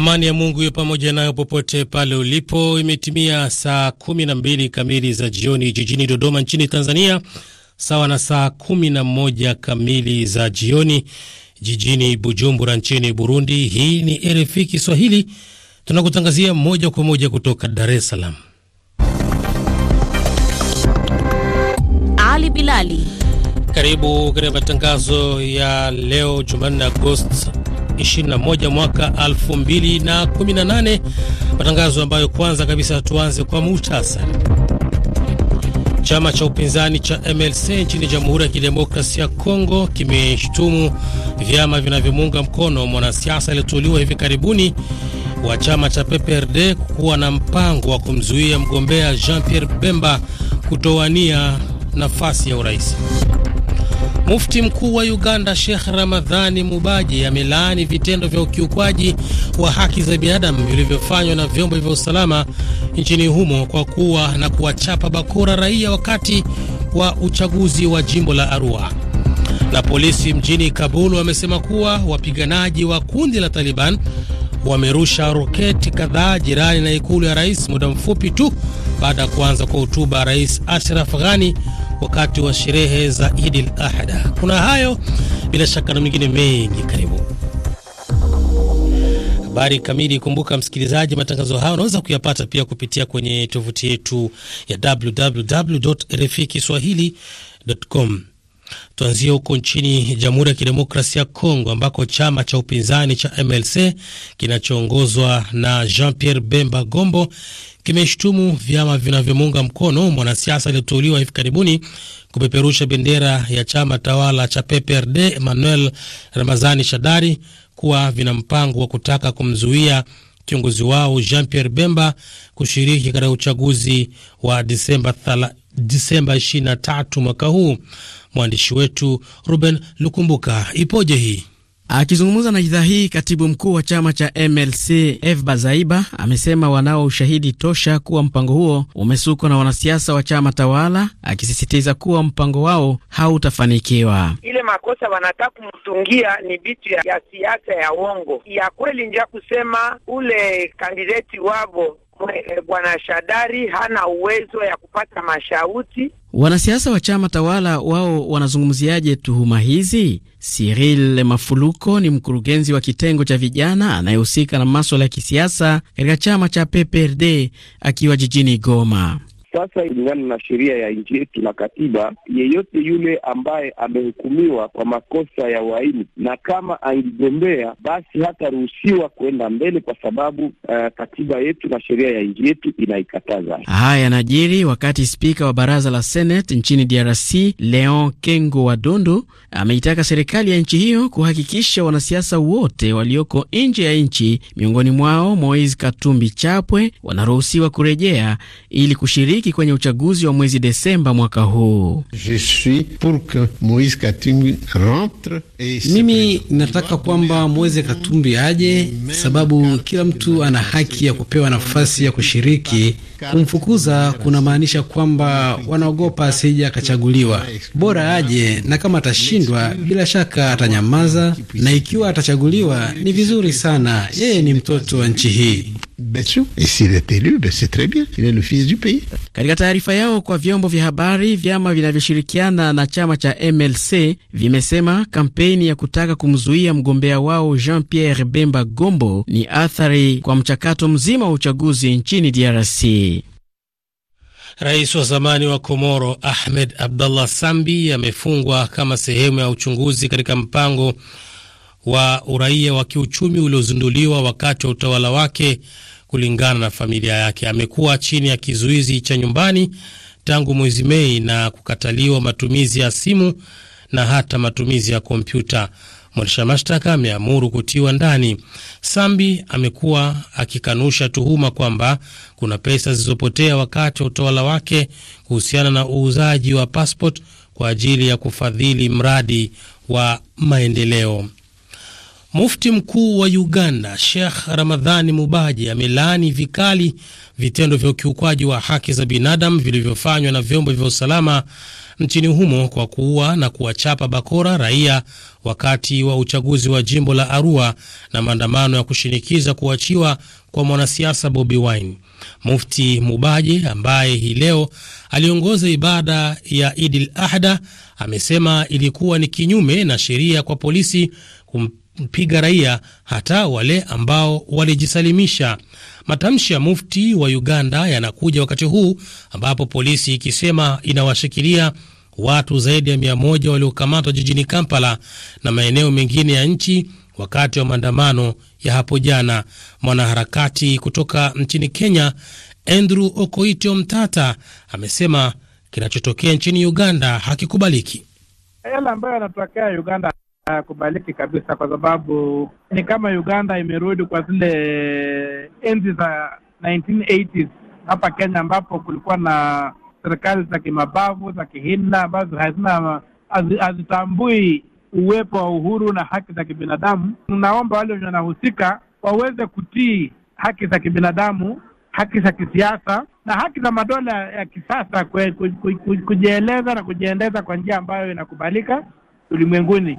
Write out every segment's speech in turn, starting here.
Amani ya Mungu iwe pamoja nayo popote pale ulipo. Imetimia saa kumi na mbili kamili za jioni jijini Dodoma nchini Tanzania, sawa na saa kumi na moja kamili za jioni jijini Bujumbura nchini Burundi. Hii ni RFI Kiswahili, tunakutangazia moja kwa moja kutoka Dar es Salaam. Ali Bilali, karibu katika matangazo ya leo Jumanne Agosti 21 mwaka 2018. Matangazo ambayo kwanza kabisa tuanze kwa muhtasari. Chama cha upinzani cha MLC nchini Jamhuri ya Kidemokrasia ya Kongo kimeshtumu vyama vinavyomuunga mkono mwanasiasa aliyoteuliwa hivi karibuni wa chama cha PPRD kuwa na mpango wa kumzuia mgombea Jean Pierre Bemba kutowania nafasi ya urais. Mufti mkuu wa Uganda Sheikh Ramadhani Mubaje amelaani vitendo vya ukiukwaji wa haki za binadamu vilivyofanywa na vyombo vya usalama nchini humo kwa kuwa na kuwachapa bakora raia wakati wa uchaguzi wa jimbo la Arua. Na polisi mjini Kabul wamesema kuwa wapiganaji wa kundi la Taliban wamerusha roketi kadhaa jirani na ikulu ya rais muda mfupi tu baada ya kuanza kwa hotuba Rais Ashraf Ghani wakati wa sherehe za Idil Adha. Kuna hayo bila shaka na mengine mengi, karibu habari kamili. Kumbuka msikilizaji, matangazo hayo unaweza kuyapata pia kupitia kwenye tovuti yetu ya www.rfikiswahili.com. Tuanzie huko nchini Jamhuri ya Kidemokrasia ya Kongo ambako chama cha upinzani cha MLC kinachoongozwa na Jean Pierre Bemba Gombo kimeshutumu vyama vinavyomuunga mkono mwanasiasa aliyoteuliwa hivi karibuni kupeperusha bendera ya chama tawala cha PPRD Emmanuel Ramazani Shadari kuwa vina mpango wa kutaka kumzuia kiongozi wao Jean Pierre Bemba kushiriki katika uchaguzi wa Disemba Disemba 23 mwaka huu. Mwandishi wetu Ruben Lukumbuka ipoje hii Akizungumza na idhaa hii, katibu mkuu wa chama cha MLC F Bazaiba amesema wanao ushahidi tosha kuwa mpango huo umesukwa na wanasiasa wa chama tawala, akisisitiza kuwa mpango wao hautafanikiwa. Ile makosa wanataka kumtungia ni vitu ya siasa ya, uongo. Ya kweli nja kusema ule kandideti wavo Eh, bwana Shadari hana uwezo ya kupata mashauti. Wanasiasa wa chama tawala wao wanazungumziaje tuhuma hizi? Cyril Mafuluko ni mkurugenzi wa kitengo cha vijana anayehusika na maswala ya kisiasa katika chama cha PPRD akiwa jijini Goma. Sasa kulingana na sheria ya nchi yetu na katiba, yeyote yule ambaye amehukumiwa kwa makosa ya uhaini na kama angigombea basi hataruhusiwa kuenda mbele, kwa sababu uh, katiba yetu na sheria ya nchi yetu inaikataza. Haya yanajiri wakati spika wa baraza la Senate nchini DRC Leon Kengo Wadundu ameitaka serikali ya nchi hiyo kuhakikisha wanasiasa wote walioko nje ya nchi, miongoni mwao Moise Katumbi Chapwe, wanaruhusiwa kurejea ili kushiriki kushiriki kwenye uchaguzi wa mwezi Desemba mwaka huu. Mimi nataka kwamba Moise Katumbi aje, sababu kila mtu ana haki ya kupewa nafasi ya kushiriki. Kumfukuza kunamaanisha kwamba wanaogopa asija akachaguliwa. Bora aje, na kama atashindwa, bila shaka atanyamaza, na ikiwa atachaguliwa, ni vizuri sana. Yeye ni mtoto wa nchi hii. Bien sûr, et s'il est élu, ben c'est très bien, il est le fils du pays. Katika taarifa yao kwa vyombo vya habari, vyama vinavyoshirikiana na chama cha MLC vimesema kampeni ya kutaka kumzuia mgombea wao Jean Pierre Bemba Gombo ni athari kwa mchakato mzima wa uchaguzi nchini DRC. Rais wa zamani wa Komoro Ahmed Abdallah Sambi amefungwa kama sehemu ya uchunguzi katika mpango wa uraia wa kiuchumi uliozinduliwa wakati wa utawala wake. Kulingana na familia yake, amekuwa chini ya kizuizi cha nyumbani tangu mwezi Mei na kukataliwa matumizi ya simu na hata matumizi ya kompyuta. Mwendesha mashtaka ameamuru kutiwa ndani. Sambi amekuwa akikanusha tuhuma kwamba kuna pesa zilizopotea wakati wa utawala wake kuhusiana na uuzaji wa passport kwa ajili ya kufadhili mradi wa maendeleo. Mufti mkuu wa Uganda Sheikh Ramadhani Mubaji amelaani vikali vitendo vya ukiukwaji wa haki za binadamu vilivyofanywa na vyombo vya usalama nchini humo kwa kuua na kuwachapa bakora raia wakati wa uchaguzi wa jimbo la Arua na maandamano ya kushinikiza kuachiwa kwa mwanasiasa Bobi Wine. Mufti Mubaje ambaye hii leo aliongoza ibada ya Idil Ahda amesema ilikuwa ni kinyume na sheria kwa polisi kupiga raia hata wale ambao walijisalimisha. Matamshi ya mufti wa Uganda yanakuja wakati huu ambapo polisi ikisema inawashikilia watu zaidi ya mia moja waliokamatwa jijini Kampala na maeneo mengine ya nchi wakati wa maandamano ya hapo jana. Mwanaharakati kutoka nchini Kenya Andrew Okoitio Mtata amesema kinachotokea nchini Uganda hakikubaliki. Yale ambayo yanatokea Uganda hayakubaliki ah, kabisa, kwa sababu ni kama Uganda imerudi kwa zile enzi za 1980s hapa Kenya, ambapo kulikuwa na serikali za kimabavu za kihimla ambazo hazina hazitambui uwepo wa uhuru na haki za kibinadamu. Naomba wale wenye wanahusika waweze kutii haki za kibinadamu, haki za kisiasa na haki za madola ya kisasa kujieleza na kujiendeza kwa njia ambayo inakubalika ulimwenguni.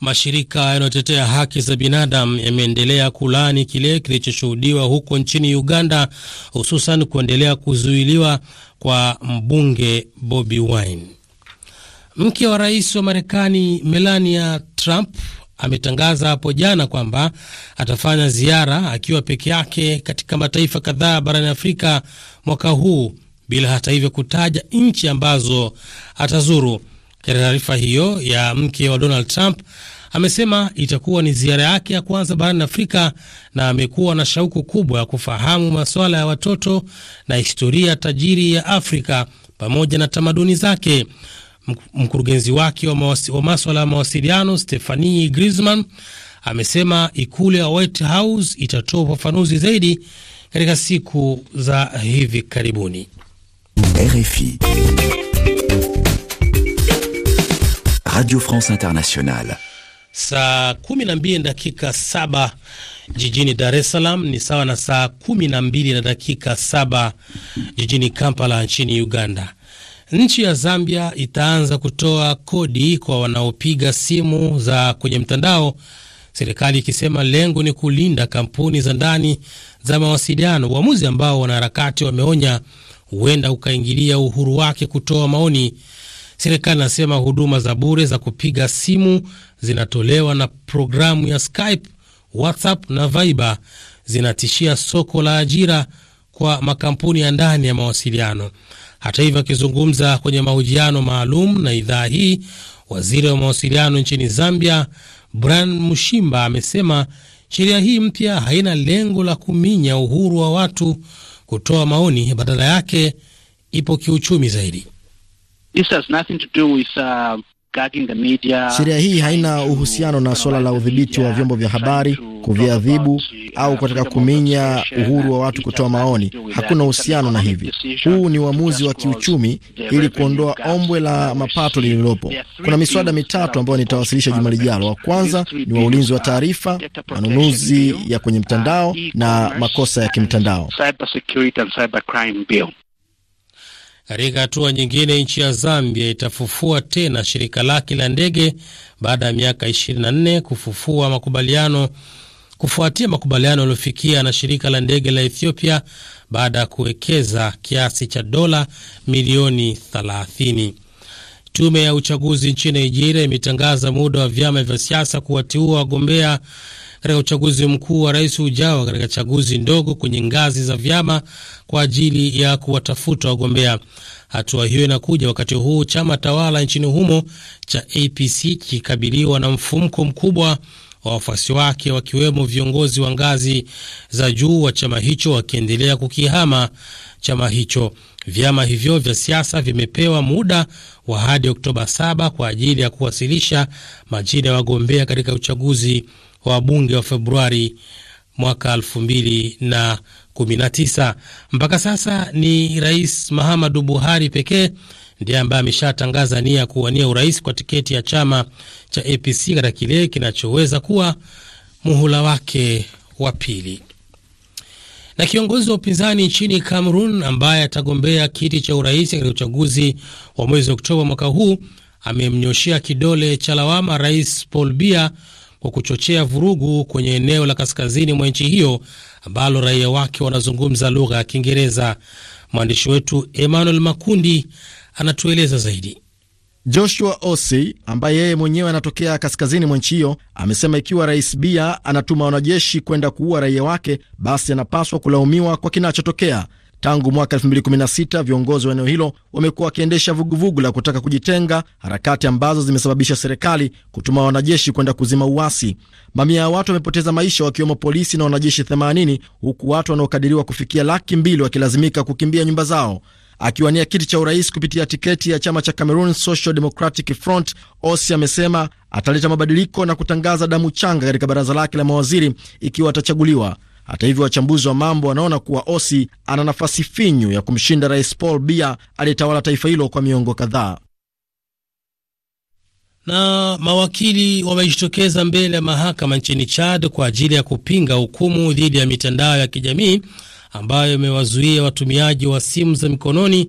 Mashirika yanayotetea haki za binadamu yameendelea kulaani kile kilichoshuhudiwa huko nchini Uganda, hususan kuendelea kuzuiliwa kwa mbunge Bobi Wine. Mke wa rais wa Marekani Melania Trump ametangaza hapo jana kwamba atafanya ziara akiwa peke yake katika mataifa kadhaa barani Afrika mwaka huu bila hata hivyo kutaja nchi ambazo atazuru katika taarifa hiyo ya mke wa Donald Trump amesema itakuwa ni ziara yake ya kwanza barani Afrika na amekuwa na shauku kubwa ya kufahamu masuala ya watoto na historia tajiri ya Afrika pamoja na tamaduni zake. Mkurugenzi wake wa, wa maswala ya mawasiliano Stephanie Griezmann amesema ikulu ya White House itatoa ufafanuzi zaidi katika siku za hivi karibuni. RFI. Radio France Internationale. Saa kumi na mbili na dakika saba jijini Dar es Salaam ni sawa na saa kumi na mbili na dakika saba jijini Kampala nchini Uganda. Nchi ya Zambia itaanza kutoa kodi kwa wanaopiga simu za kwenye mtandao, serikali ikisema lengo ni kulinda kampuni za ndani za mawasiliano, uamuzi ambao wanaharakati wameonya huenda ukaingilia uhuru wake kutoa maoni Serikali inasema huduma za bure za kupiga simu zinatolewa na programu ya Skype, WhatsApp na Viber zinatishia soko la ajira kwa makampuni ya ndani ya mawasiliano. Hata hivyo, akizungumza kwenye mahojiano maalum na idhaa hii, waziri wa mawasiliano nchini Zambia Brian Mushimba amesema sheria hii mpya haina lengo la kuminya uhuru wa watu kutoa maoni, badala yake ipo kiuchumi zaidi. This has nothing to do with, uh, Sheria hii haina uhusiano na suala la udhibiti wa vyombo vya habari, kuviadhibu uh, au kutaka kuminya uhuru wa watu kutoa maoni. Hakuna uhusiano na hivi. Huu ni uamuzi wa kiuchumi ili kuondoa ombwe la mapato lililopo. Kuna miswada mitatu ambayo nitawasilisha juma lijalo. Wa kwanza ni wa ulinzi wa taarifa, manunuzi ya kwenye mtandao na makosa ya kimtandao. Katika hatua nyingine, nchi ya Zambia itafufua tena shirika lake la ndege baada ya miaka 24 kufufua makubaliano kufuatia makubaliano yaliyofikia na shirika la ndege la Ethiopia baada ya kuwekeza kiasi cha dola milioni 30. Tume ya uchaguzi nchini Nigeria imetangaza muda wa vyama vya siasa kuwateua wagombea katika uchaguzi mkuu wa rais ujao katika chaguzi ndogo kwenye ngazi za vyama kwa ajili ya kuwatafuta wagombea. Hatua hiyo inakuja wakati huu chama tawala nchini humo cha APC kikikabiliwa na mfumko mkubwa wa wafuasi wake wakiwemo viongozi wa ngazi za juu wa chama hicho wakiendelea kukihama chama hicho. Vyama hivyo vya siasa vimepewa muda wa hadi Oktoba 7 kwa ajili ya kuwasilisha majina ya wagombea katika uchaguzi wa wabunge wa Februari mwaka 2019. Mpaka sasa ni Rais Mahamadu Buhari pekee ndiye ambaye ameshatangaza nia ya kuwania urais kwa tiketi ya chama cha APC katika kile kinachoweza kuwa muhula wake wa pili. Na kiongozi wa upinzani nchini Cameroon ambaye atagombea kiti cha urais katika uchaguzi wa mwezi Oktoba mwaka huu amemnyoshea kidole cha lawama Rais Paul Biya kwa kuchochea vurugu kwenye eneo la kaskazini mwa nchi hiyo ambalo raia wake wanazungumza lugha ya Kiingereza. Mwandishi wetu Emmanuel Makundi anatueleza zaidi. Joshua Osei ambaye yeye mwenyewe anatokea kaskazini mwa nchi hiyo amesema ikiwa Rais Bia anatuma wanajeshi kwenda kuua raia wake, basi anapaswa kulaumiwa kwa kinachotokea. Tangu mwaka 2016 viongozi wa eneo hilo wamekuwa wakiendesha vuguvugu la kutaka kujitenga, harakati ambazo zimesababisha serikali kutuma wanajeshi kwenda kuzima uasi. Mamia ya watu wamepoteza maisha, wakiwemo polisi na wanajeshi 80 huku watu wanaokadiriwa kufikia laki mbili wakilazimika kukimbia nyumba zao. Akiwania kiti cha urais kupitia tiketi ya chama cha Cameroon Social Democratic Front, Osi amesema ataleta mabadiliko na kutangaza damu changa katika baraza lake la mawaziri ikiwa atachaguliwa. Hata hivyo, wachambuzi wa mambo wanaona kuwa Osi ana nafasi finyu ya kumshinda Rais Paul Biya aliyetawala taifa hilo kwa miongo kadhaa. Na mawakili wamejitokeza mbele ya mahakama nchini Chad kwa ajili ya kupinga hukumu dhidi ya mitandao ya kijamii ambayo imewazuia watumiaji wa simu za mikononi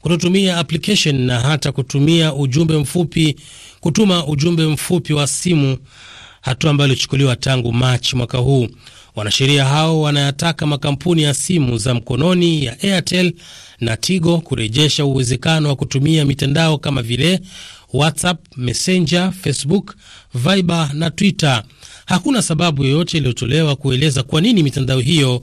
kutotumia application na hata kutumia ujumbe mfupi kutuma ujumbe mfupi wa simu, hatua ambayo ilichukuliwa tangu Machi mwaka huu. Wanasheria hao wanayataka makampuni ya simu za mkononi ya Airtel na Tigo kurejesha uwezekano wa kutumia mitandao kama vile WhatsApp, Messenger, Facebook, Viber na Twitter. Hakuna sababu yoyote iliyotolewa kueleza kwa nini mitandao hiyo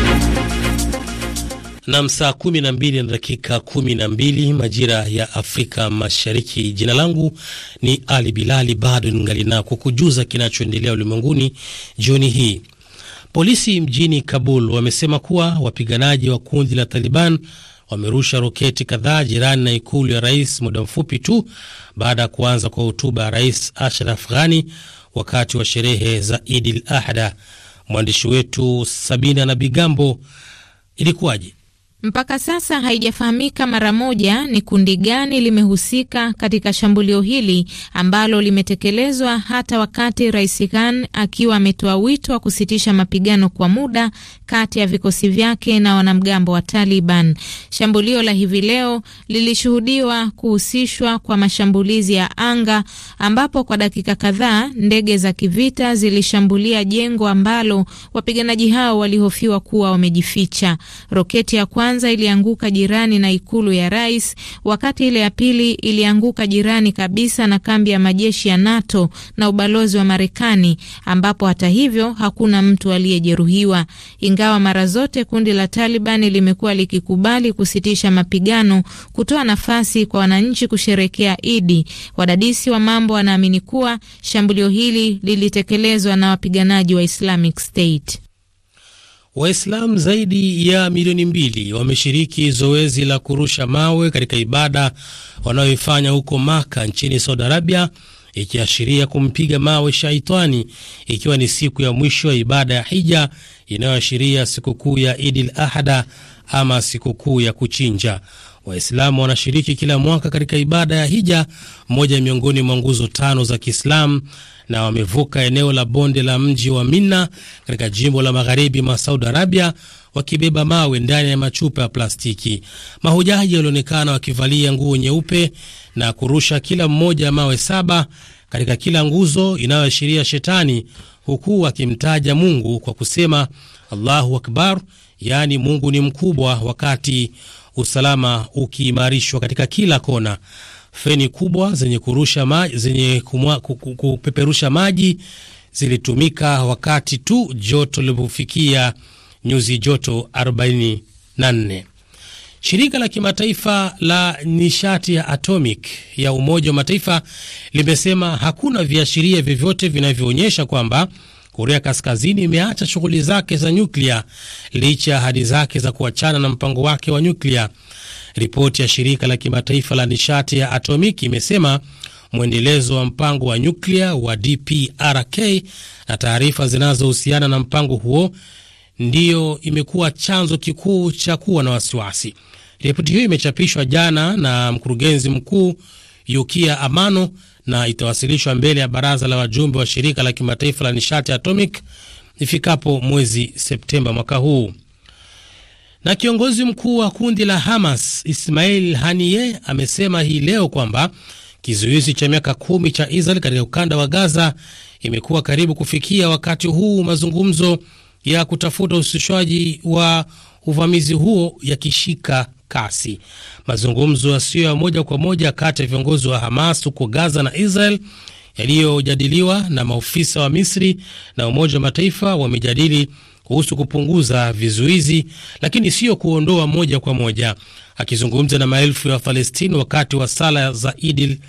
Nam, saa kumi na mbili na dakika kumi na mbili majira ya Afrika Mashariki. Jina langu ni Ali Bilali, bado ningali na kukujuza kinachoendelea ulimwenguni jioni hii. Polisi mjini Kabul wamesema kuwa wapiganaji wa kundi la Taliban wamerusha roketi kadhaa jirani na ikulu ya rais muda mfupi tu baada ya kuanza kwa hotuba ya Rais Ashraf Ghani wakati wa sherehe za Idil Ahda. Mwandishi wetu Sabina na Bigambo, ilikuwaje? Mpaka sasa haijafahamika mara moja ni kundi gani limehusika katika shambulio hili ambalo limetekelezwa hata wakati Rais Khan akiwa ametoa wito wa kusitisha mapigano kwa muda kati ya vikosi vyake na wanamgambo wa Taliban. Shambulio la hivi leo lilishuhudiwa kuhusishwa kwa mashambulizi ya anga ambapo kwa dakika kadhaa ndege za kivita zilishambulia jengo ambalo wapiganaji hao walihofiwa kuwa wamejificha. Roketi ya kwanza kwanza ilianguka jirani na ikulu ya rais, wakati ile ya pili ilianguka jirani kabisa na kambi ya majeshi ya NATO na ubalozi wa Marekani, ambapo hata hivyo hakuna mtu aliyejeruhiwa, ingawa mara zote kundi la Taliban limekuwa likikubali kusitisha mapigano kutoa nafasi kwa wananchi kusherekea Idi. Wadadisi wa mambo wanaamini kuwa shambulio hili lilitekelezwa na wapiganaji wa Islamic State. Waislamu zaidi ya milioni mbili wameshiriki zoezi la kurusha mawe katika ibada wanayoifanya huko Maka nchini Saudi Arabia, ikiashiria kumpiga mawe shaitani, ikiwa ni siku ya mwisho ya ibada ya hija inayoashiria sikukuu ya Idil Ahada ama sikukuu ya kuchinja. Waislamu wanashiriki kila mwaka katika ibada ya hija, moja miongoni mwa nguzo tano za Kiislamu, na wamevuka eneo la bonde la mji wa Mina katika jimbo la magharibi mwa Saudi Arabia wakibeba mawe ndani ya machupa ya plastiki. Mahujaji walionekana wakivalia nguo nyeupe na kurusha kila mmoja mawe saba katika kila nguzo inayoashiria shetani, huku wakimtaja Mungu kwa kusema Allahu akbar, yaani Mungu ni mkubwa, wakati usalama ukiimarishwa katika kila kona. Feni kubwa zenye kurusha maji, zenye kumwa, kupeperusha maji zilitumika wakati tu joto lilipofikia nyuzi joto 44. Shirika la kimataifa la nishati ya atomic ya Umoja wa Mataifa limesema hakuna viashiria vyovyote vinavyoonyesha kwamba Korea Kaskazini imeacha shughuli zake za nyuklia licha ya ahadi zake za kuachana na mpango wake wa nyuklia Ripoti ya shirika la kimataifa la nishati ya atomiki imesema mwendelezo wa mpango wa nyuklia wa DPRK na taarifa zinazohusiana na mpango huo ndiyo imekuwa chanzo kikuu cha kuwa na wasiwasi. Ripoti hiyo imechapishwa jana na mkurugenzi mkuu Yukia Amano na itawasilishwa mbele ya baraza la wajumbe wa shirika la kimataifa la nishati atomic ifikapo mwezi Septemba mwaka huu. Na kiongozi mkuu wa kundi la Hamas Ismail Haniye amesema hii leo kwamba kizuizi cha miaka kumi cha Israel katika ukanda wa Gaza imekuwa karibu kufikia wakati huu mazungumzo ya kutafuta usitishwaji wa uvamizi huo yakishika kasi. Mazungumzo yasiyo ya moja kwa moja kati ya viongozi wa Hamas huko Gaza na Israel yaliyojadiliwa na maofisa wa Misri na Umoja wa Mataifa wamejadili kuhusu kupunguza vizuizi, lakini siyo kuondoa moja kwa moja. Akizungumza na maelfu ya Wafalestini wakati wa sala za Idi,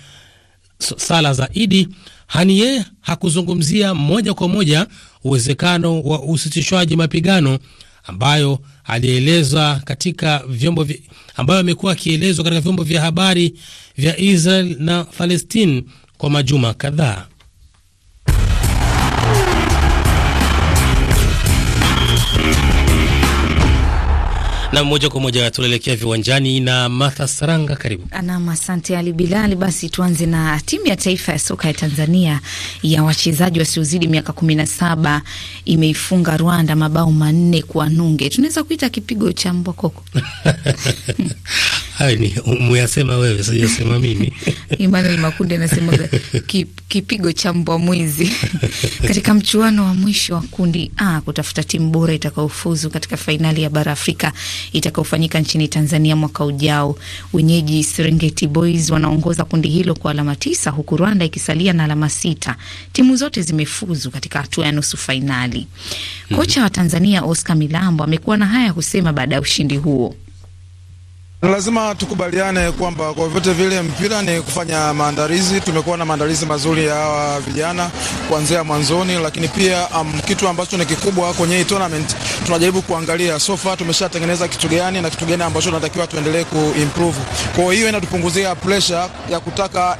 sala za Idi, Hanie hakuzungumzia moja kwa moja uwezekano wa usitishwaji mapigano ambayo alieleza katika vyombo vya, ambayo amekuwa akielezwa katika vyombo vya habari vya Israel na Palestine kwa majuma kadhaa. Mm-hmm. Na moja kwa moja tunaelekea viwanjani na Martha Saranga, karibu. Naam, asante Ali Bilali. Basi tuanze na timu ya taifa ya soka ya Tanzania ya wachezaji wasiozidi miaka kumi na saba imeifunga Rwanda mabao manne kwa nunge. Tunaweza kuita kipigo cha mbwa koko. Hayo ni umuyasema wewe, sijasema mimi. Emmanuel Makunde anasema kipigo cha mbwa mwizi katika mchuano wa mwisho wa kundi A kutafuta timu bora itakayofuzu katika fainali ya bara Afrika itakayofanyika nchini Tanzania mwaka ujao. Wenyeji Serengeti Boys wanaongoza kundi hilo kwa alama tisa huku Rwanda ikisalia na alama sita. Timu zote zimefuzu katika hatua ya nusu fainali. Mhm. Kocha wa Tanzania Oscar Milambo amekuwa na haya kusema baada ya ushindi huo. Ni lazima tukubaliane kwamba kwa vyote vile mpira ni kufanya maandalizi. Tumekuwa na maandalizi mazuri ya hawa vijana kuanzia mwanzoni, lakini pia um, kitu ambacho ni kikubwa kwenye hii tournament tunajaribu kuangalia so far tumeshatengeneza kitu gani na kitu gani ambacho tunatakiwa tuendelee kuimprove. Kwa hiyo inatupunguzia pressure ya kutaka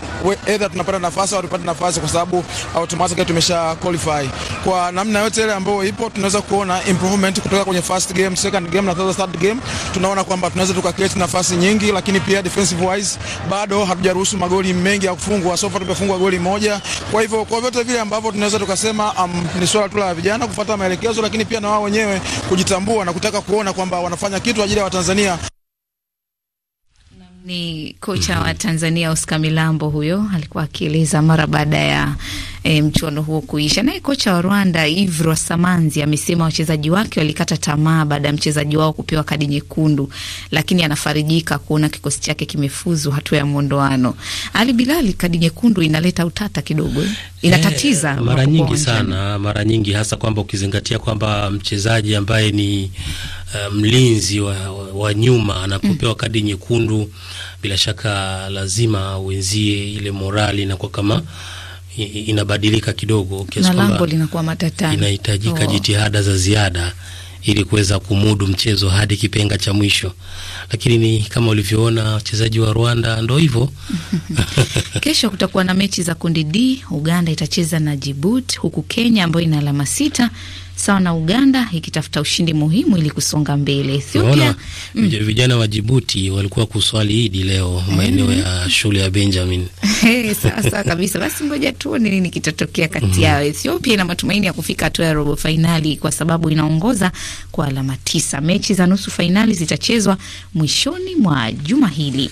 either tunapata nafasi au tupate nafasi, kwa sababu automatically tumesha qualify. Kwa namna yote ile ambayo ipo, tunaweza kuona improvement kutoka kwenye first game, second game na third game. Tunaona kwamba tunaweza tukakreate na nafasi nyingi, lakini pia defensive wise bado hatujaruhusu magoli mengi ya kufungwa. Sofa tumefungwa goli moja. Kwa hivyo kwa vyote vile ambavyo tunaweza tukasema um, ni swala tu la vijana kufuata maelekezo, lakini pia na wao wenyewe kujitambua na kutaka kuona kwamba wanafanya kitu ajili ya Watanzania ni kocha wa Tanzania Oscar Milambo, huyo alikuwa akieleza mara baada ya e, mchuano huo kuisha. Naye kocha wa Rwanda Ivro Samanzi amesema wachezaji wake walikata tamaa baada ya mchezaji wao kupewa kadi nyekundu, lakini anafarijika kuona kikosi chake kimefuzu hatua ya mwondoano. Ali Bilali, kadi nyekundu inaleta utata kidogo, inatatiza eh, mara nyingi sana, mara nyingi hasa kwamba ukizingatia kwamba mchezaji ambaye ni uh, mlinzi wa, wa nyuma anapopewa mm. kadi nyekundu, bila shaka lazima wenzie ile morali kwa kama mm inabadilika kidogo kiasi kwamba linakuwa matatani, inahitajika oh. jitihada za ziada ili kuweza kumudu mchezo hadi kipenga cha mwisho, lakini ni kama ulivyoona wachezaji wa Rwanda ndo hivyo. Kesho kutakuwa na mechi za kundi D. Uganda itacheza na Djibouti, huku Kenya ambayo ina alama sita sawa na Uganda ikitafuta ushindi muhimu ili kusonga mbele. Ethiopia mm. vijana wa Jibuti walikuwa kuswali Idi leo maeneo mm. ya shule ya Benjamin. Sawa sawa kabisa, basi ngoja tuone nini kitatokea kati mm -hmm. yao. Ethiopia ina matumaini ya kufika hatua ya robo fainali kwa sababu inaongoza kwa alama tisa. Mechi za nusu fainali zitachezwa mwishoni mwa juma hili.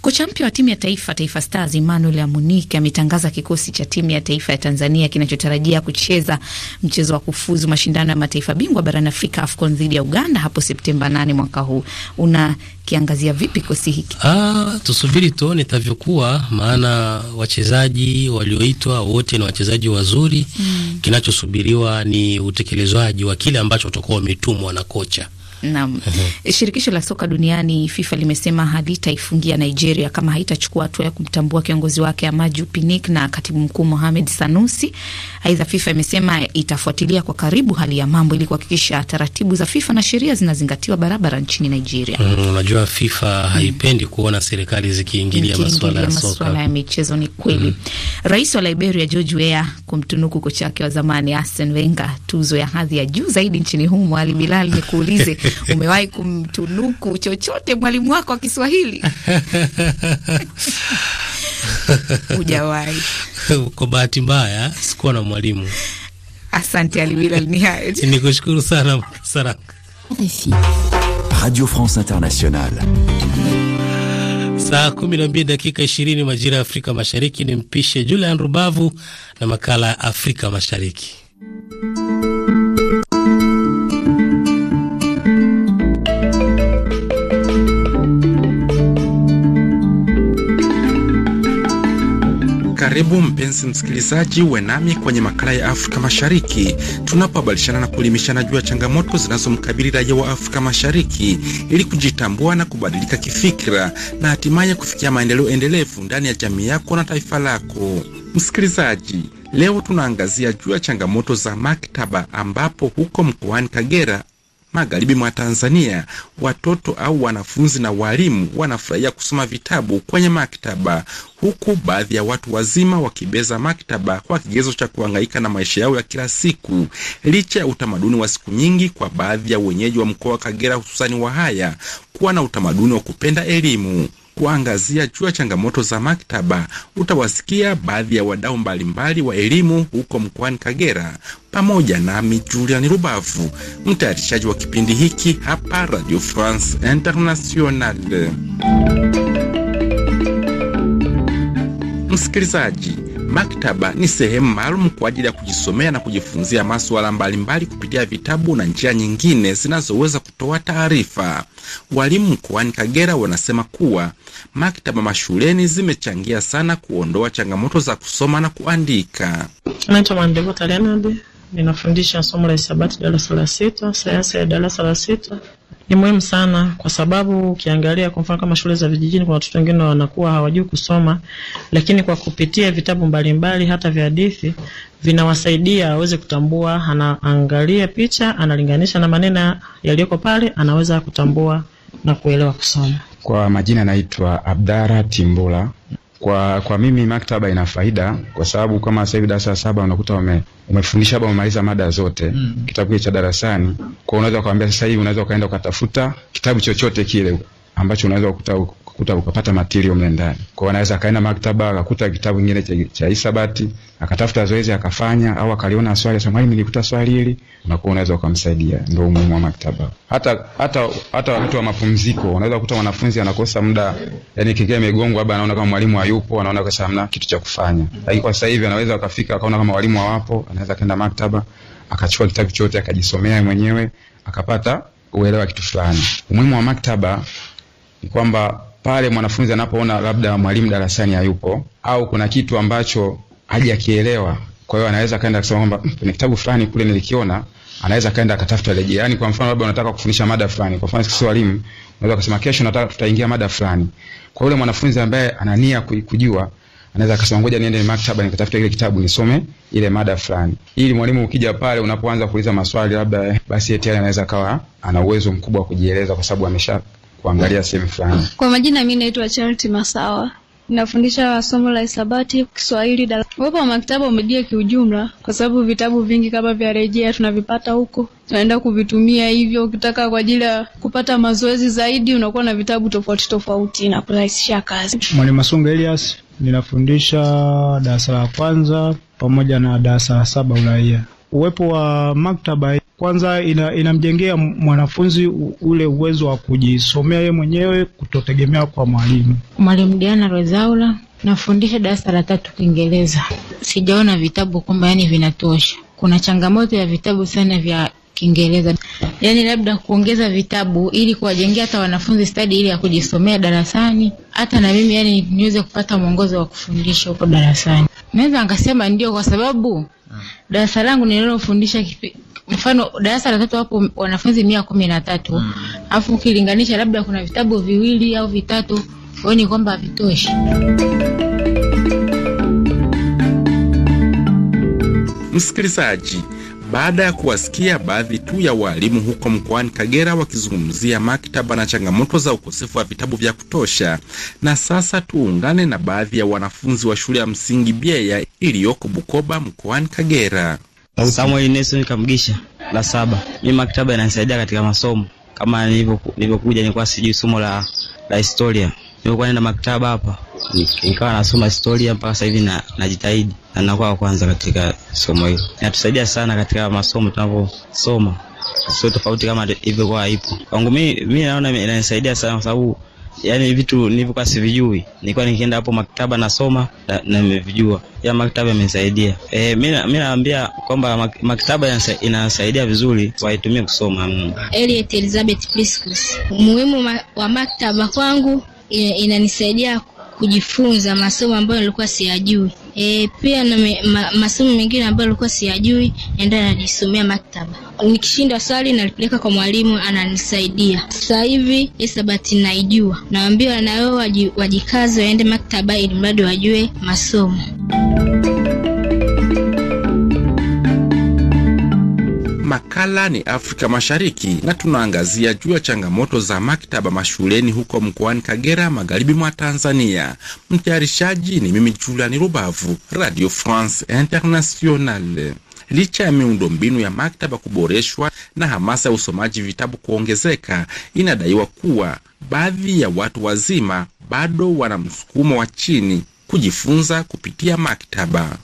Kocha mpya wa timu ya taifa Taifa Stars Emmanuel Amunike ametangaza kikosi cha timu ya taifa ya Tanzania kinachotarajia kucheza mchezo wa kufuzu mashindano ya mataifa bingwa barani Afrika AFCON dhidi ya Uganda hapo Septemba 8 mwaka huu. Unakiangazia vipi kikosi hiki? Ah, tusubiri tuone itavyokuwa, maana wachezaji walioitwa wote ni wachezaji wazuri mm. Kinachosubiriwa ni utekelezwaji wa kile ambacho watakuwa wametumwa na kocha. mm. Naam. Mhm. uh -huh. Shirikisho la soka duniani FIFA limesema halitaifungia Nigeria kama haitachukua hatua ya kumtambua kiongozi wake Amaju Pinnick na katibu mkuu Mohamed Sanusi. Aidha, FIFA imesema itafuatilia kwa karibu hali ya mambo ili kuhakikisha taratibu za FIFA na sheria zinazingatiwa barabara nchini Nigeria. Mhm, unajua, mm, FIFA haipendi mm, kuona serikali zikiingilia masuala ya soka ya michezo. Ni kweli mm. Rais wa Liberia George Weah kumtunuku kocha wake wa zamani Arsene Wenger tuzo ya hadhi ya juu zaidi nchini humo. Ali Bilal, nikuulize umewahi kumtunuku chochote mwalimu wako wa Kiswahili? Hujawahi? Kwa bahati mbaya sikuwa na mwalimu. Asante Alibilal, ni kushukuru sana Profesa. Radio France Internationale. Saa kumi na mbili dakika ishirini majira ya Afrika Mashariki. Ni mpishe Julian Rubavu na makala ya Afrika Mashariki. Karibu mpenzi msikilizaji, uwe nami kwenye makala ya Afrika Mashariki tunapobadilishana na kuelimishana juu ya changamoto zinazomkabili raia wa Afrika Mashariki ili kujitambua na kubadilika kifikira na hatimaye kufikia maendeleo endelevu ndani ya jamii yako na taifa lako. Msikilizaji, leo tunaangazia juu ya changamoto za maktaba ambapo huko mkoani Kagera magharibi mwa Tanzania, watoto au wanafunzi na walimu wanafurahia kusoma vitabu kwenye maktaba, huku baadhi ya watu wazima wakibeza maktaba kwa kigezo cha kuhangaika na maisha yao ya kila siku, licha ya utamaduni wa siku nyingi kwa baadhi ya wenyeji wa mkoa wa Kagera, hususani Wahaya, kuwa na utamaduni wa kupenda elimu kuangazia juu ya changamoto za maktaba. Utawasikia baadhi ya wadau mbalimbali wa elimu huko mkoani Kagera pamoja nami Julian Rubavu, mtayarishaji wa kipindi hiki hapa Radio France Internationale. Msikilizaji, Maktaba ni sehemu maalum kwa ajili ya kujisomea na kujifunzia masuala mbalimbali kupitia vitabu na njia nyingine zinazoweza kutoa taarifa. Walimu mkoani Kagera wanasema kuwa maktaba mashuleni zimechangia sana kuondoa changamoto za kusoma na kuandika. Naitwa ninafundisha somo la hisabati darasa la sita, sayansi ya darasa la sita. Ni muhimu sana kwa sababu ukiangalia kwa mfano kama shule za vijijini, kuna watoto wengine wanakuwa hawajui kusoma, lakini kwa kupitia vitabu mbalimbali mbali, hata vya hadithi vinawasaidia aweze kutambua. Anaangalia picha, analinganisha na maneno yaliyoko pale, anaweza kutambua na kuelewa kusoma. Kwa majina naitwa Abdara Timbula, kwa kwa mimi maktaba ina faida kwa sababu kama sasa hivi darasa la saba unakuta ume, umefundisha labda umemaliza mada zote mm. kitabu cha darasani, kwa unaweza kuambia sasa hivi unaweza ukaenda ukatafuta kitabu chochote kile ambacho unaweza kukuta huko ukakuta ukapata material mle ndani. Kwa hiyo anaweza akaenda maktaba akakuta kitabu kingine cha, cha hisabati akatafuta zoezi akafanya, au akaliona swali sema, mwalimu, nilikuta swali hili, unakuwa unaweza ukamsaidia. Ndio umuhimu wa maktaba. Hata hata hata wakati wa mapumziko unaweza kukuta mwanafunzi anakosa muda, yani kingia imegongwa, labda anaona kama mwalimu hayupo, anaona kwa sababu kitu cha kufanya. Lakini kwa sasa hivi anaweza akafika akaona kama walimu hawapo, anaweza kaenda maktaba akachukua kitabu chote akajisomea mwenyewe akapata uelewa kitu fulani. Umuhimu wa maktaba ni kwamba pale mwanafunzi anapoona labda mwalimu darasani hayupo au kuna kitu ambacho hajakielewa. Kwa hiyo anaweza kaenda kusema kwamba hmm, kuna kitabu fulani kule nilikiona, anaweza kaenda akatafuta rejea. Yani kwa mfano, labda unataka kufundisha mada fulani, kwa mfano sisi walimu unaweza kusema kesho nataka tutaingia mada fulani. Kwa yule mwanafunzi ambaye ana nia kujua anaweza akasema ngoja niende ni maktaba nikatafute ile kitabu nisome ile mada fulani, ili mwalimu ukija pale, unapoanza kuuliza maswali labda, eh, basi yeye tayari anaweza kawa ana uwezo mkubwa wa kujieleza kwa sababu amesha kuangalia sehemu fulani. Kwa majina, mimi naitwa Charity Masawa nafundisha somo la hisabati Kiswahili dala. Uwepo wa maktaba umejia kiujumla, kwa sababu vitabu vingi kama vya rejea tunavipata huko, tunaenda kuvitumia. Hivyo ukitaka kwa ajili ya kupata mazoezi zaidi, unakuwa na vitabu tofauti tofauti na kurahisisha kazi. Mwalimu Masunga Elias, ninafundisha darasa la kwanza pamoja na darasa la saba uraia. Uwepo wa maktaba kwanza ina, inamjengea mwanafunzi ule uwezo wa kujisomea yeye mwenyewe kutotegemea kwa mwalimu. Mwalimu Diana Rwezaula, nafundisha darasa la tatu Kiingereza. Sijaona vitabu kwamba yani vinatosha. Kuna changamoto ya vitabu sana vya Kiingereza, yani labda kuongeza vitabu ili kuwajengea hata wanafunzi stadi ile ya kujisomea darasani, hata na mimi yani niweze kupata mwongozo wa kufundisha huko darasani. Naweza akasema ndio, kwa sababu ah. darasa langu nililofundisha mfano darasa la tatu hapo wanafunzi mia kumi na tatu hmm. alafu ukilinganisha labda kuna vitabu viwili au vitatu, huoni kwamba havitoshi. Msikilizaji, baada ya kuwasikia baadhi tu ya walimu huko mkoani Kagera wakizungumzia maktaba na changamoto za ukosefu wa vitabu vya kutosha, na sasa tuungane na baadhi ya wanafunzi wa shule ya msingi bieya iliyoko Bukoba mkoani Kagera. Samuel Nelson Kamgisha la saba. Mimi maktaba inanisaidia katika masomo, kama nilivyokuja nilikuwa sijui somo la la historia, nilikuwa naenda maktaba hapa nikawa nasoma historia mpaka sasa hivi na najitahidi na nakuwa wa kwanza katika somo hilo. Inatusaidia sana katika masomo tunavyosoma, sio tofauti kama ilivyokuwa ipo kwangu. Mimi mimi naona inanisaidia sana kwa sababu yani vitu nilivyokuwa sivijui, nilikuwa nikienda hapo maktaba nasoma na, na nimevijua. Ya maktaba imenisaidia. Eh, mimi naambia kwamba maktaba inasaidia vizuri, waitumie kusoma. Mm. Elliot Elizabeth Priscus. Umuhimu ma, wa maktaba kwangu inanisaidia kujifunza masomo ambayo nilikuwa siyajui. E, pia na me, ma, masomo mengine ambayo nilikuwa siyajui naenda najisomea maktaba. Nikishinda swali nalipeleka kwa mwalimu ananisaidia. Sasa hivi hisabati naijua, naambiwa na wao wajikaze waende maktaba ili mradi wajue masomo. makala ni Afrika Mashariki na tunaangazia juu ya changamoto za maktaba mashuleni huko mkoani Kagera, magharibi mwa Tanzania. Mtayarishaji ni mimi Juliani Rubavu, Radio France Internationale. Licha ya miundombinu ya maktaba kuboreshwa na hamasa ya usomaji vitabu kuongezeka, inadaiwa kuwa baadhi ya watu wazima bado wana msukumo wa chini kujifunza kupitia maktaba.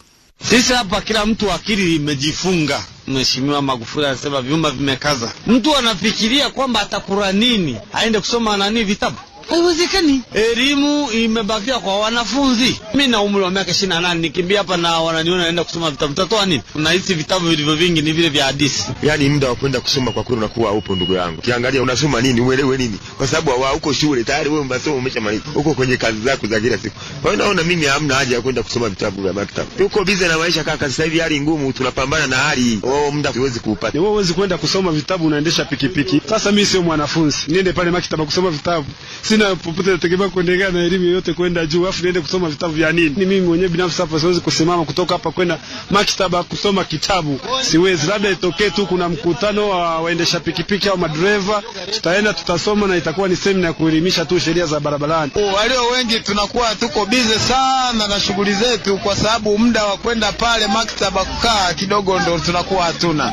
Sisi hapa kila mtu akili imejifunga. Mheshimiwa Magufuli anasema vyuma vimekaza. Mtu anafikiria kwamba atakula nini, aende kusoma nani vitabu Haiwezekani. Elimu imebakia kwa wanafunzi. Mimi na umri wa miaka 28 nikimbia hapa na wananiona naenda kusoma vitabu tatoa nini? Na hizi vitabu vilivyo vingi ni vile vya hadithi. Yaani muda wa kwenda kusoma kwa kweli unakuwa upo ndugu yangu. Kiangalia unasoma nini, uelewe nini? Kwa sababu hawa huko shule tayari wewe masomo umeshamaliza. Huko kwenye kazi zako za kila siku. Kwa hiyo naona mimi hamna haja ya kwenda kusoma vitabu vya maktaba. Tuko bize na maisha kaka, sasa hivi hali ngumu, tunapambana na hali hii. Oh, muda huwezi kuupata. Wewe huwezi kwenda kusoma vitabu, unaendesha pikipiki. Sasa mimi sio mwanafunzi. Niende pale maktaba kusoma vitabu. Si sina popote nategemea kuendelea na elimu yoyote kwenda juu, afu niende kusoma vitabu vya nini? Ni mimi mwenyewe binafsi hapa siwezi kusimama kutoka hapa kwenda maktaba kusoma kitabu, siwezi. Labda itokee tu kuna mkutano wa waendesha pikipiki au madereva, tutaenda tutasoma, na itakuwa ni semina ya kuelimisha tu sheria za barabarani. Oh, walio wengi tunakuwa tuko bize sana na shughuli zetu, kwa sababu muda wa kwenda pale maktaba kukaa kidogo ndo tunakuwa hatuna.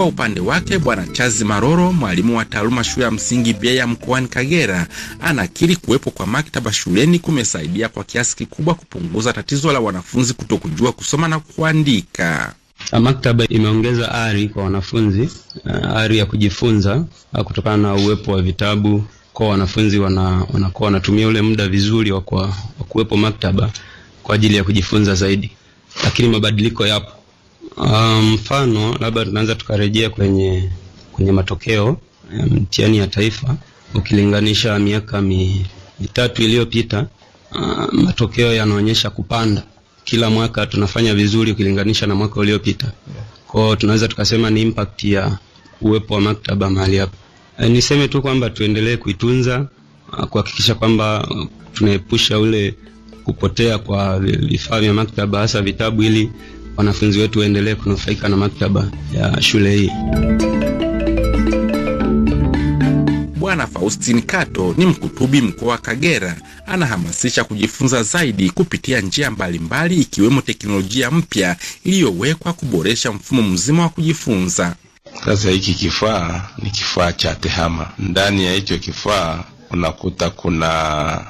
Kwa upande wake, Bwana Chazi Maroro, mwalimu wa taaluma shule ya msingi Byeya mkoani Kagera, anakiri kuwepo kwa maktaba shuleni kumesaidia kwa kiasi kikubwa kupunguza tatizo la wanafunzi kutokujua kusoma na kuandika. Ah, maktaba imeongeza ari kwa wanafunzi, ah, ari ya kujifunza ah, kutokana na uwepo wa vitabu. Kwa wanafunzi wanakuwa wanatumia ule muda vizuri wa kuwepo maktaba kwa ajili ya kujifunza zaidi, lakini mabadiliko yapo Ah, mfano um, labda tunaweza tukarejea kwenye kwenye matokeo ya eh, mtihani ya taifa ukilinganisha miaka mitatu iliyopita, uh, matokeo yanaonyesha kupanda kila mwaka, tunafanya vizuri ukilinganisha na mwaka uliopita. Kwao tunaweza tukasema ni impact ya uwepo wa maktaba mahali hapa. E, niseme tu kwamba tuendelee kuitunza, uh, kuhakikisha kwamba uh, tunaepusha ule kupotea kwa vifaa vya maktaba hasa vitabu ili wanafunzi wetu waendelee kunufaika na maktaba ya shule hii. Bwana Faustin Kato ni mkutubi mkoa wa Kagera, anahamasisha kujifunza zaidi kupitia njia mbalimbali ikiwemo teknolojia mpya iliyowekwa kuboresha mfumo mzima wa kujifunza. Sasa hiki kifaa ni kifaa cha tehama. Ndani ya hicho kifaa unakuta kuna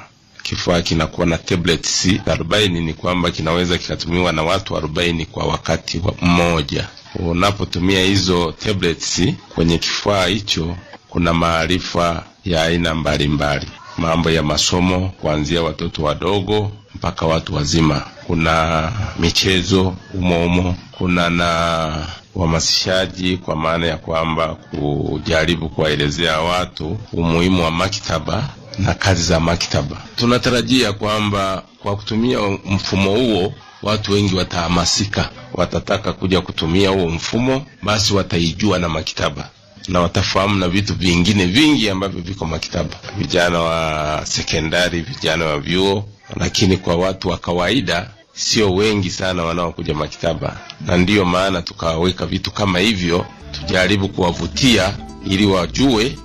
kifaa kinakuwa na tablet C arobaini, ni kwamba kinaweza kikatumiwa na watu arobaini kwa wakati mmoja. Unapotumia hizo tablets kwenye kifaa hicho, kuna maarifa ya aina mbalimbali, mambo ya masomo kuanzia watoto wadogo mpaka watu wazima. Kuna michezo umoumo, kuna na uhamasishaji kwa maana ya kwamba kujaribu kuwaelezea watu umuhimu wa maktaba na kazi za maktaba. Tunatarajia kwamba kwa kutumia mfumo huo watu wengi watahamasika, watataka kuja kutumia huo mfumo, basi wataijua na maktaba na watafahamu na vitu vingine vingi ambavyo viko maktaba, vijana wa sekondari, vijana wa vyuo. Lakini kwa watu wa kawaida sio wengi sana wanaokuja maktaba, na ndiyo maana tukaweka vitu kama hivyo, tujaribu kuwavutia ili wajue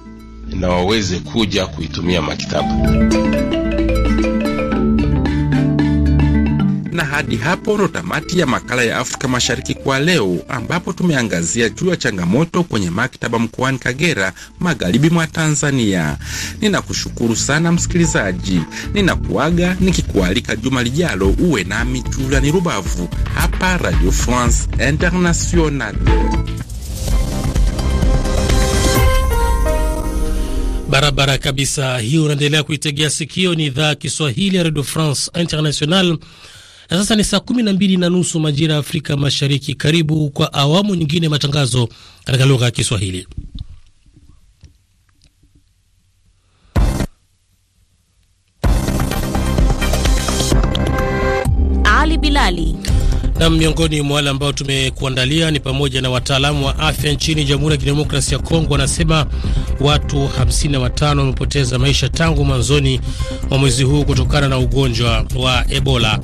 na waweze kuja kuitumia maktaba. Na hadi hapo ndo tamati ya makala ya Afrika Mashariki kwa leo, ambapo tumeangazia juu ya changamoto kwenye maktaba mkoani Kagera, magharibi mwa Tanzania. Ninakushukuru sana msikilizaji, ninakuaga nikikualika juma lijalo uwe nami Juliani Rubavu hapa Radio France Internationale. Barabara kabisa hii, unaendelea kuitegea sikio, ni idhaa ya Kiswahili ya Radio France International. Na sasa ni saa kumi na mbili na nusu majira ya Afrika Mashariki. Karibu kwa awamu nyingine matangazo katika lugha ya Kiswahili. Ali Bilali na miongoni mwa wale ambao tumekuandalia ni pamoja na wataalamu wa afya nchini Jamhuri ya Kidemokrasia ya Kongo wanasema watu 55 wamepoteza maisha tangu mwanzoni mwa mwezi huu kutokana na ugonjwa wa Ebola.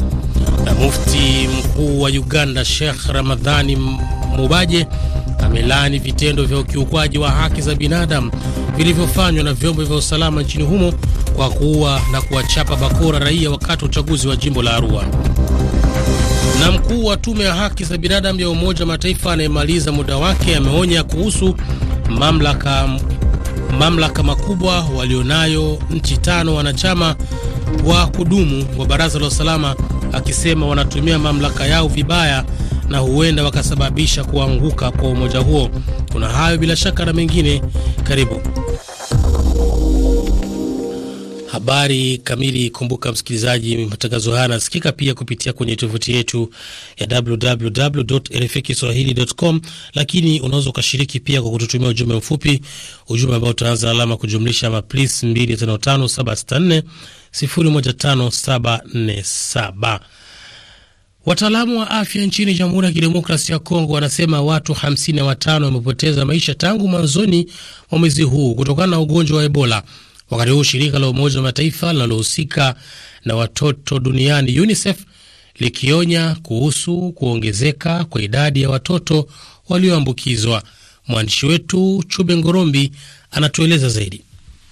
Na mufti mkuu wa Uganda Sheikh Ramadhani Mubaje amelaani vitendo vya ukiukwaji wa haki za binadamu vilivyofanywa na vyombo vya usalama nchini humo kwa kuua na kuwachapa bakora raia wakati wa uchaguzi wa jimbo la Arua. Na mkuu wa tume ya haki za binadamu ya Umoja Mataifa anayemaliza muda wake ameonya kuhusu mamlaka, mamlaka makubwa walionayo nchi tano wanachama wa kudumu wa Baraza la Usalama, akisema wanatumia mamlaka yao vibaya na huenda wakasababisha kuanguka kwa umoja huo. Kuna hayo bila shaka na mengine, karibu. Habari kamili. Kumbuka msikilizaji, matangazo haya anasikika pia kupitia kwenye tovuti yetu ya www.rfikiswahili.com, lakini unaweza ukashiriki pia kwa kututumia ujumbe mfupi, ujumbe ambao utaanza alama kujumlisha maplis 255 Wataalamu wa afya nchini Jamhuri ya Kidemokrasia ya Kongo wanasema watu 55 wamepoteza maisha tangu mwanzoni mwa mwezi huu kutokana na ugonjwa wa Ebola Wakati huu shirika la Umoja wa Mataifa linalohusika na watoto duniani UNICEF likionya kuhusu kuongezeka kwa idadi ya watoto walioambukizwa. Mwandishi wetu Chube Ngorombi anatueleza zaidi.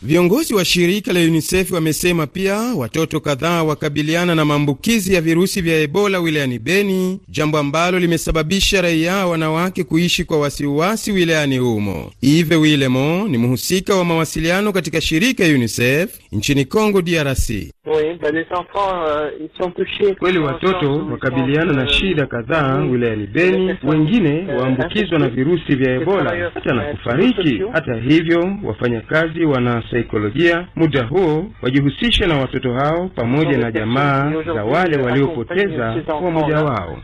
Viongozi wa shirika la UNICEF wamesema pia watoto kadhaa wakabiliana na maambukizi ya virusi vya Ebola wilayani Beni, jambo ambalo limesababisha raia wanawake kuishi kwa wasiwasi wilayani humo. Ive Wilemo ni mhusika wa mawasiliano katika shirika ya UNICEF nchini Congo DRC. Kweli watoto wakabiliana na shida kadhaa wilayani Beni, wengine waambukizwa na virusi vya Ebola hata na kufariki. Hata hivyo, wafanyakazi wana kisaikolojia muda huo wajihusishe na watoto hao pamoja na jamaa za wale waliopoteza wamoja wao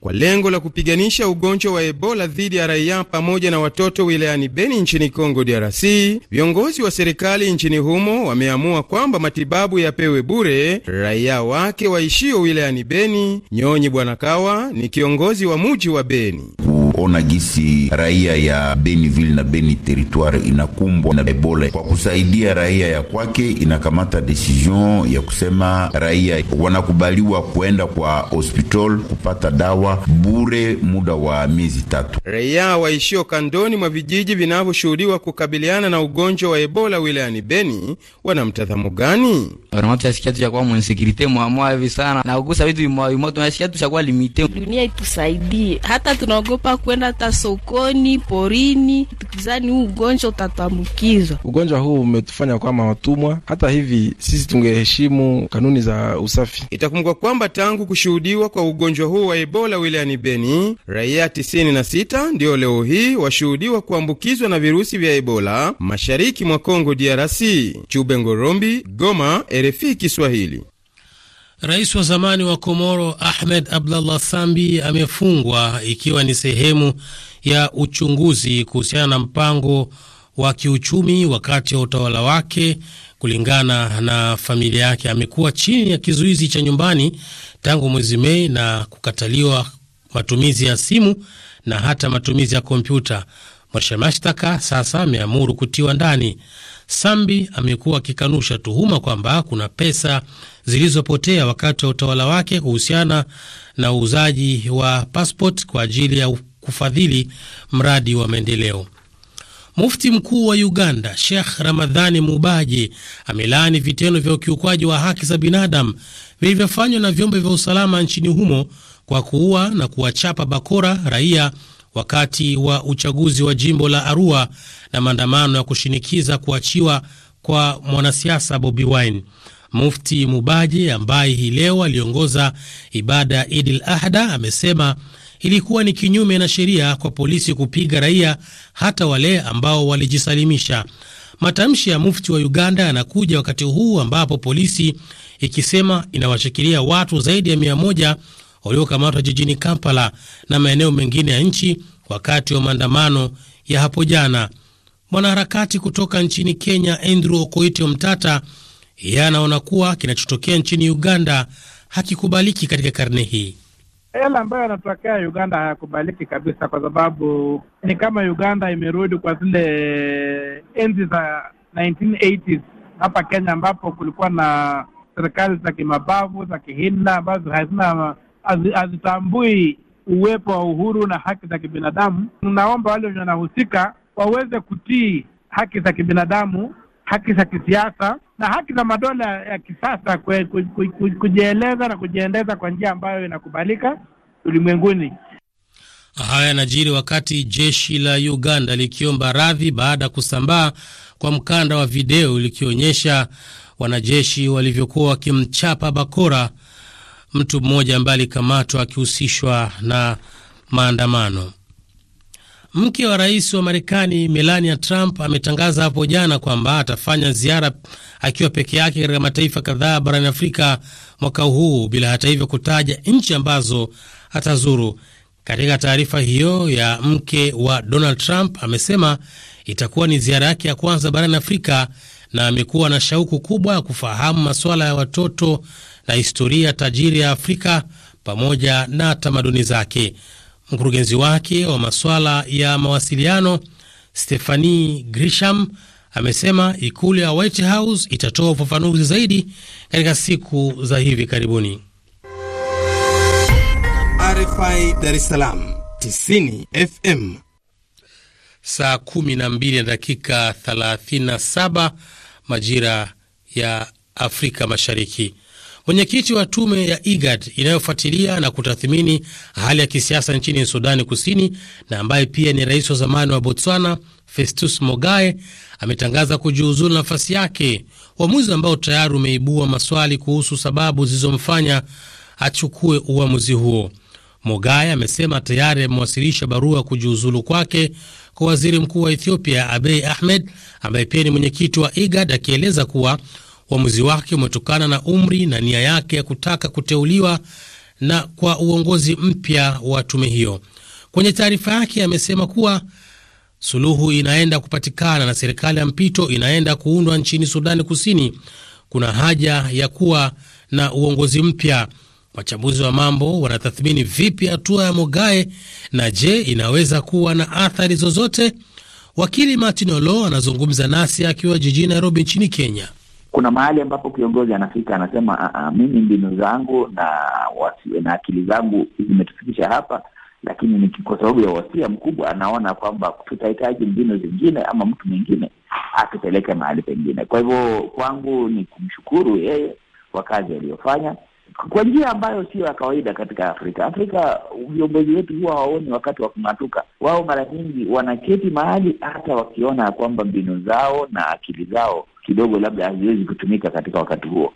kwa lengo la kupiganisha ugonjwa wa Ebola dhidi ya raia pamoja na watoto wilayani Beni nchini congo DRC. Viongozi wa serikali nchini humo wameamua kwamba matibabu yapewe bure raia wake waishio wilayani Beni. Nyonyi Bwana Kawa ni kiongozi wa muji wa Beni kuona gisi raia ya Beniville na Beni territoire inakumbwa na Ebola. Kwa kusaidia raia ya kwake, inakamata decision ya kusema raia wanakubaliwa kuenda kwa hospital kupata dawa bure muda wa miezi tatu. Raia waishio kandoni mwa vijiji vinavyoshuhudiwa kukabiliana na ugonjwa wa Ebola wilayani Beni wana mtazamo gani? hivi sana na vitu limite. Dunia itusaidie, hata tunaogopa kwe kwenda hata sokoni, porini, tukizani huu ugonjwa utatambukizwa. Ugonjwa huu umetufanya kama watumwa. Hata hivi sisi tungeheshimu kanuni za usafi. Itakumbukwa kwamba tangu kushuhudiwa kwa ugonjwa huu wa Ebola wilayani Beni, raia 96 ndiyo leo hii washuhudiwa kuambukizwa na virusi vya Ebola mashariki mwa Kongo DRC. Chube Ngorombi, Goma, RFI Kiswahili. Rais wa zamani wa Komoro Ahmed Abdallah Thambi amefungwa ikiwa ni sehemu ya uchunguzi kuhusiana na mpango wa kiuchumi wakati wa utawala wake. Kulingana na familia yake, amekuwa chini ya kizuizi cha nyumbani tangu mwezi Mei na kukataliwa matumizi ya simu na hata matumizi ya kompyuta. Mwendesha mashtaka sasa ameamuru kutiwa ndani. Sambi amekuwa akikanusha tuhuma kwamba kuna pesa zilizopotea wakati wa utawala wake kuhusiana na uuzaji wa passport kwa ajili ya kufadhili mradi wa maendeleo. Mufti mkuu wa Uganda Sheikh Ramadhani Mubaje amelaani vitendo vya ukiukwaji wa haki za binadamu vilivyofanywa na vyombo vya usalama nchini humo kwa kuua na kuwachapa bakora raia wakati wa uchaguzi wa jimbo la Arua na maandamano ya kushinikiza kuachiwa kwa mwanasiasa Bobi Wine. Mufti Mubaje ambaye hii leo aliongoza ibada ya Idil Ahda amesema ilikuwa ni kinyume na sheria kwa polisi kupiga raia hata wale ambao walijisalimisha. Matamshi ya mufti wa Uganda yanakuja wakati huu ambapo polisi ikisema inawashikilia watu zaidi ya mia moja waliokamatwa jijini Kampala na maeneo mengine ya nchi wakati wa maandamano ya hapo jana. Mwanaharakati kutoka nchini Kenya Andrew Okoitio Mtata yeye anaona kuwa kinachotokea nchini Uganda hakikubaliki katika karne hii. Yale ambayo yanatokea Uganda hayakubaliki kabisa, kwa sababu ni kama Uganda imerudi kwa zile enzi za 1980s hapa Kenya, ambapo kulikuwa na serikali za kimabavu za kihina ambazo hazina hazitambui uwepo wa uhuru na haki za kibinadamu. Naomba wale wenye wanahusika waweze kutii haki za kibinadamu, haki za kisiasa na haki za madola ya kisasa kujieleza na kujiendeza kwa njia ambayo inakubalika ulimwenguni. Haya yanajiri wakati jeshi la Uganda likiomba radhi baada ya kusambaa kwa mkanda wa video likionyesha wanajeshi walivyokuwa wakimchapa bakora mtu mmoja ambaye alikamatwa akihusishwa na maandamano. Mke wa rais wa Marekani Melania Trump ametangaza hapo jana kwamba atafanya ziara akiwa peke yake katika mataifa kadhaa barani Afrika mwaka huu, bila hata hivyo kutaja nchi ambazo atazuru. Katika taarifa hiyo ya mke wa Donald Trump amesema itakuwa ni ziara yake ya kwanza barani Afrika na amekuwa na shauku kubwa ya kufahamu masuala ya watoto na historia tajiri ya Afrika pamoja na tamaduni zake. Mkurugenzi wake wa masuala ya mawasiliano Stephanie Grisham amesema ikulu ya White House itatoa ufafanuzi zaidi katika siku za hivi karibuni. RFI Dar es Salaam 90 FM, saa 12 na dakika 37 majira ya Afrika Mashariki. Mwenyekiti wa tume ya IGAD inayofuatilia na kutathmini hali ya kisiasa nchini Sudani Kusini na ambaye pia ni rais wa zamani wa Botswana Festus Mogae ametangaza kujiuzulu nafasi yake, uamuzi ambao tayari umeibua maswali kuhusu sababu zilizomfanya achukue uamuzi huo. Mogae amesema tayari amewasilisha barua kujiuzulu kwake kwa waziri mkuu wa Ethiopia Abiy Ahmed ambaye pia ni mwenyekiti wa IGAD akieleza kuwa Uamuzi wake umetokana na umri na nia yake ya kutaka kuteuliwa na kwa uongozi mpya wa tume hiyo. Kwenye taarifa yake amesema kuwa suluhu inaenda kupatikana na serikali ya mpito inaenda kuundwa nchini Sudani Kusini. Kuna haja ya kuwa na uongozi mpya. Wachambuzi wa mambo wanatathmini vipi hatua ya Mogae na je, inaweza kuwa na athari zozote? Wakili Martin Olo anazungumza nasi akiwa jijini Nairobi nchini Kenya kuna mahali ambapo kiongozi anafika anasema, ah, ah, mimi mbinu zangu na wasi, na akili zangu zimetufikisha hapa, lakini ni kwa sababu ya wasia mkubwa, anaona kwamba tutahitaji mbinu zingine ama mtu mwingine atupeleke mahali pengine. Kwa hivyo kwangu ni kumshukuru yeye kwa kazi aliyofanya, kwa njia ambayo siyo ya kawaida katika Afrika. Afrika viongozi wetu huwa hawaoni wakati wa kung'atuka. Wao mara nyingi wanaketi mahali, hata wakiona kwamba mbinu zao na akili zao kidogo labda haziwezi kutumika katika wakati huo.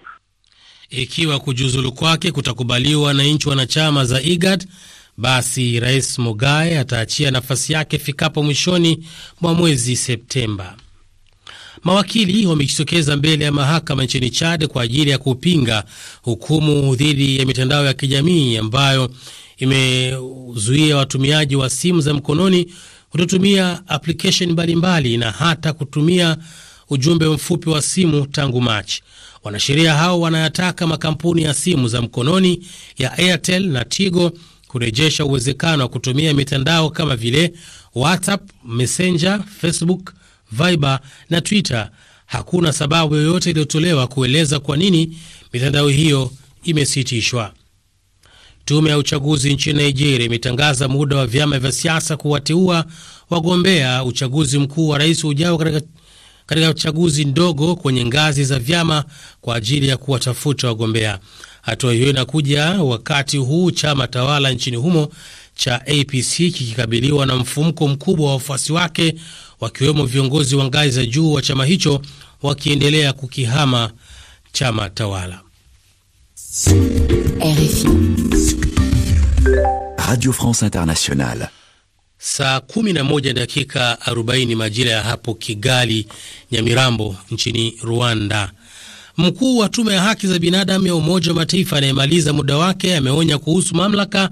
Ikiwa kujiuzulu kwake kutakubaliwa na nchi wanachama za IGAD, basi Rais Mogae ataachia nafasi yake ifikapo mwishoni mwa mwezi Septemba. Mawakili wamejitokeza mbele ya mahakama nchini Chad kwa ajili ya kupinga hukumu dhidi ya mitandao ya kijamii ambayo imezuia watumiaji wa simu za mkononi kutotumia application mbalimbali na hata kutumia ujumbe mfupi wa simu tangu Machi. Wanasheria hao wanayataka makampuni ya simu za mkononi ya Airtel na Tigo kurejesha uwezekano wa kutumia mitandao kama vile WhatsApp, Messenger, Facebook Viber na Twitter. Hakuna sababu yoyote iliyotolewa kueleza kwa nini mitandao hiyo imesitishwa. Tume ya uchaguzi nchini Nigeria imetangaza muda wa vyama vya siasa kuwateua wagombea uchaguzi mkuu wa rais ujao katika katika chaguzi ndogo kwenye ngazi za vyama kwa ajili ya kuwatafuta wagombea. Hatua hiyo inakuja wakati huu chama tawala nchini humo cha APC kikikabiliwa na mfumko mkubwa wa wafuasi wake wakiwemo viongozi wa ngazi za juu wa chama hicho wakiendelea kukihama chama tawala. Radio France Internationale. Saa 11 dakika 40 majira ya hapo Kigali, Nyamirambo nchini Rwanda. Mkuu wa tume ya haki za binadamu ya Umoja wa Mataifa anayemaliza muda wake ameonya kuhusu mamlaka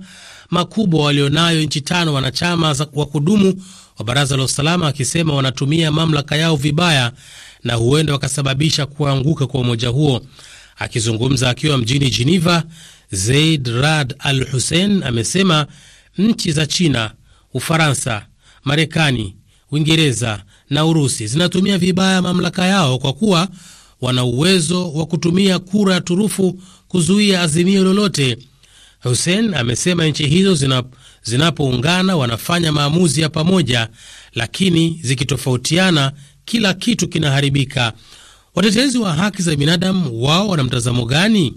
makubwa walionayo nchi tano wanachama wa kudumu wa Baraza la Usalama, akisema wanatumia mamlaka yao vibaya na huenda wakasababisha kuanguka kwa umoja huo. Akizungumza akiwa mjini Geneva, Zaid Rad Al Hussein amesema nchi za China, Ufaransa, Marekani, Uingereza na Urusi zinatumia vibaya mamlaka yao kwa kuwa wana uwezo wa kutumia kura ya turufu kuzuia azimio lolote Hussein amesema nchi hizo zina, zinapoungana wanafanya maamuzi ya pamoja, lakini zikitofautiana kila kitu kinaharibika. Watetezi wa haki za binadamu wao wana mtazamo gani?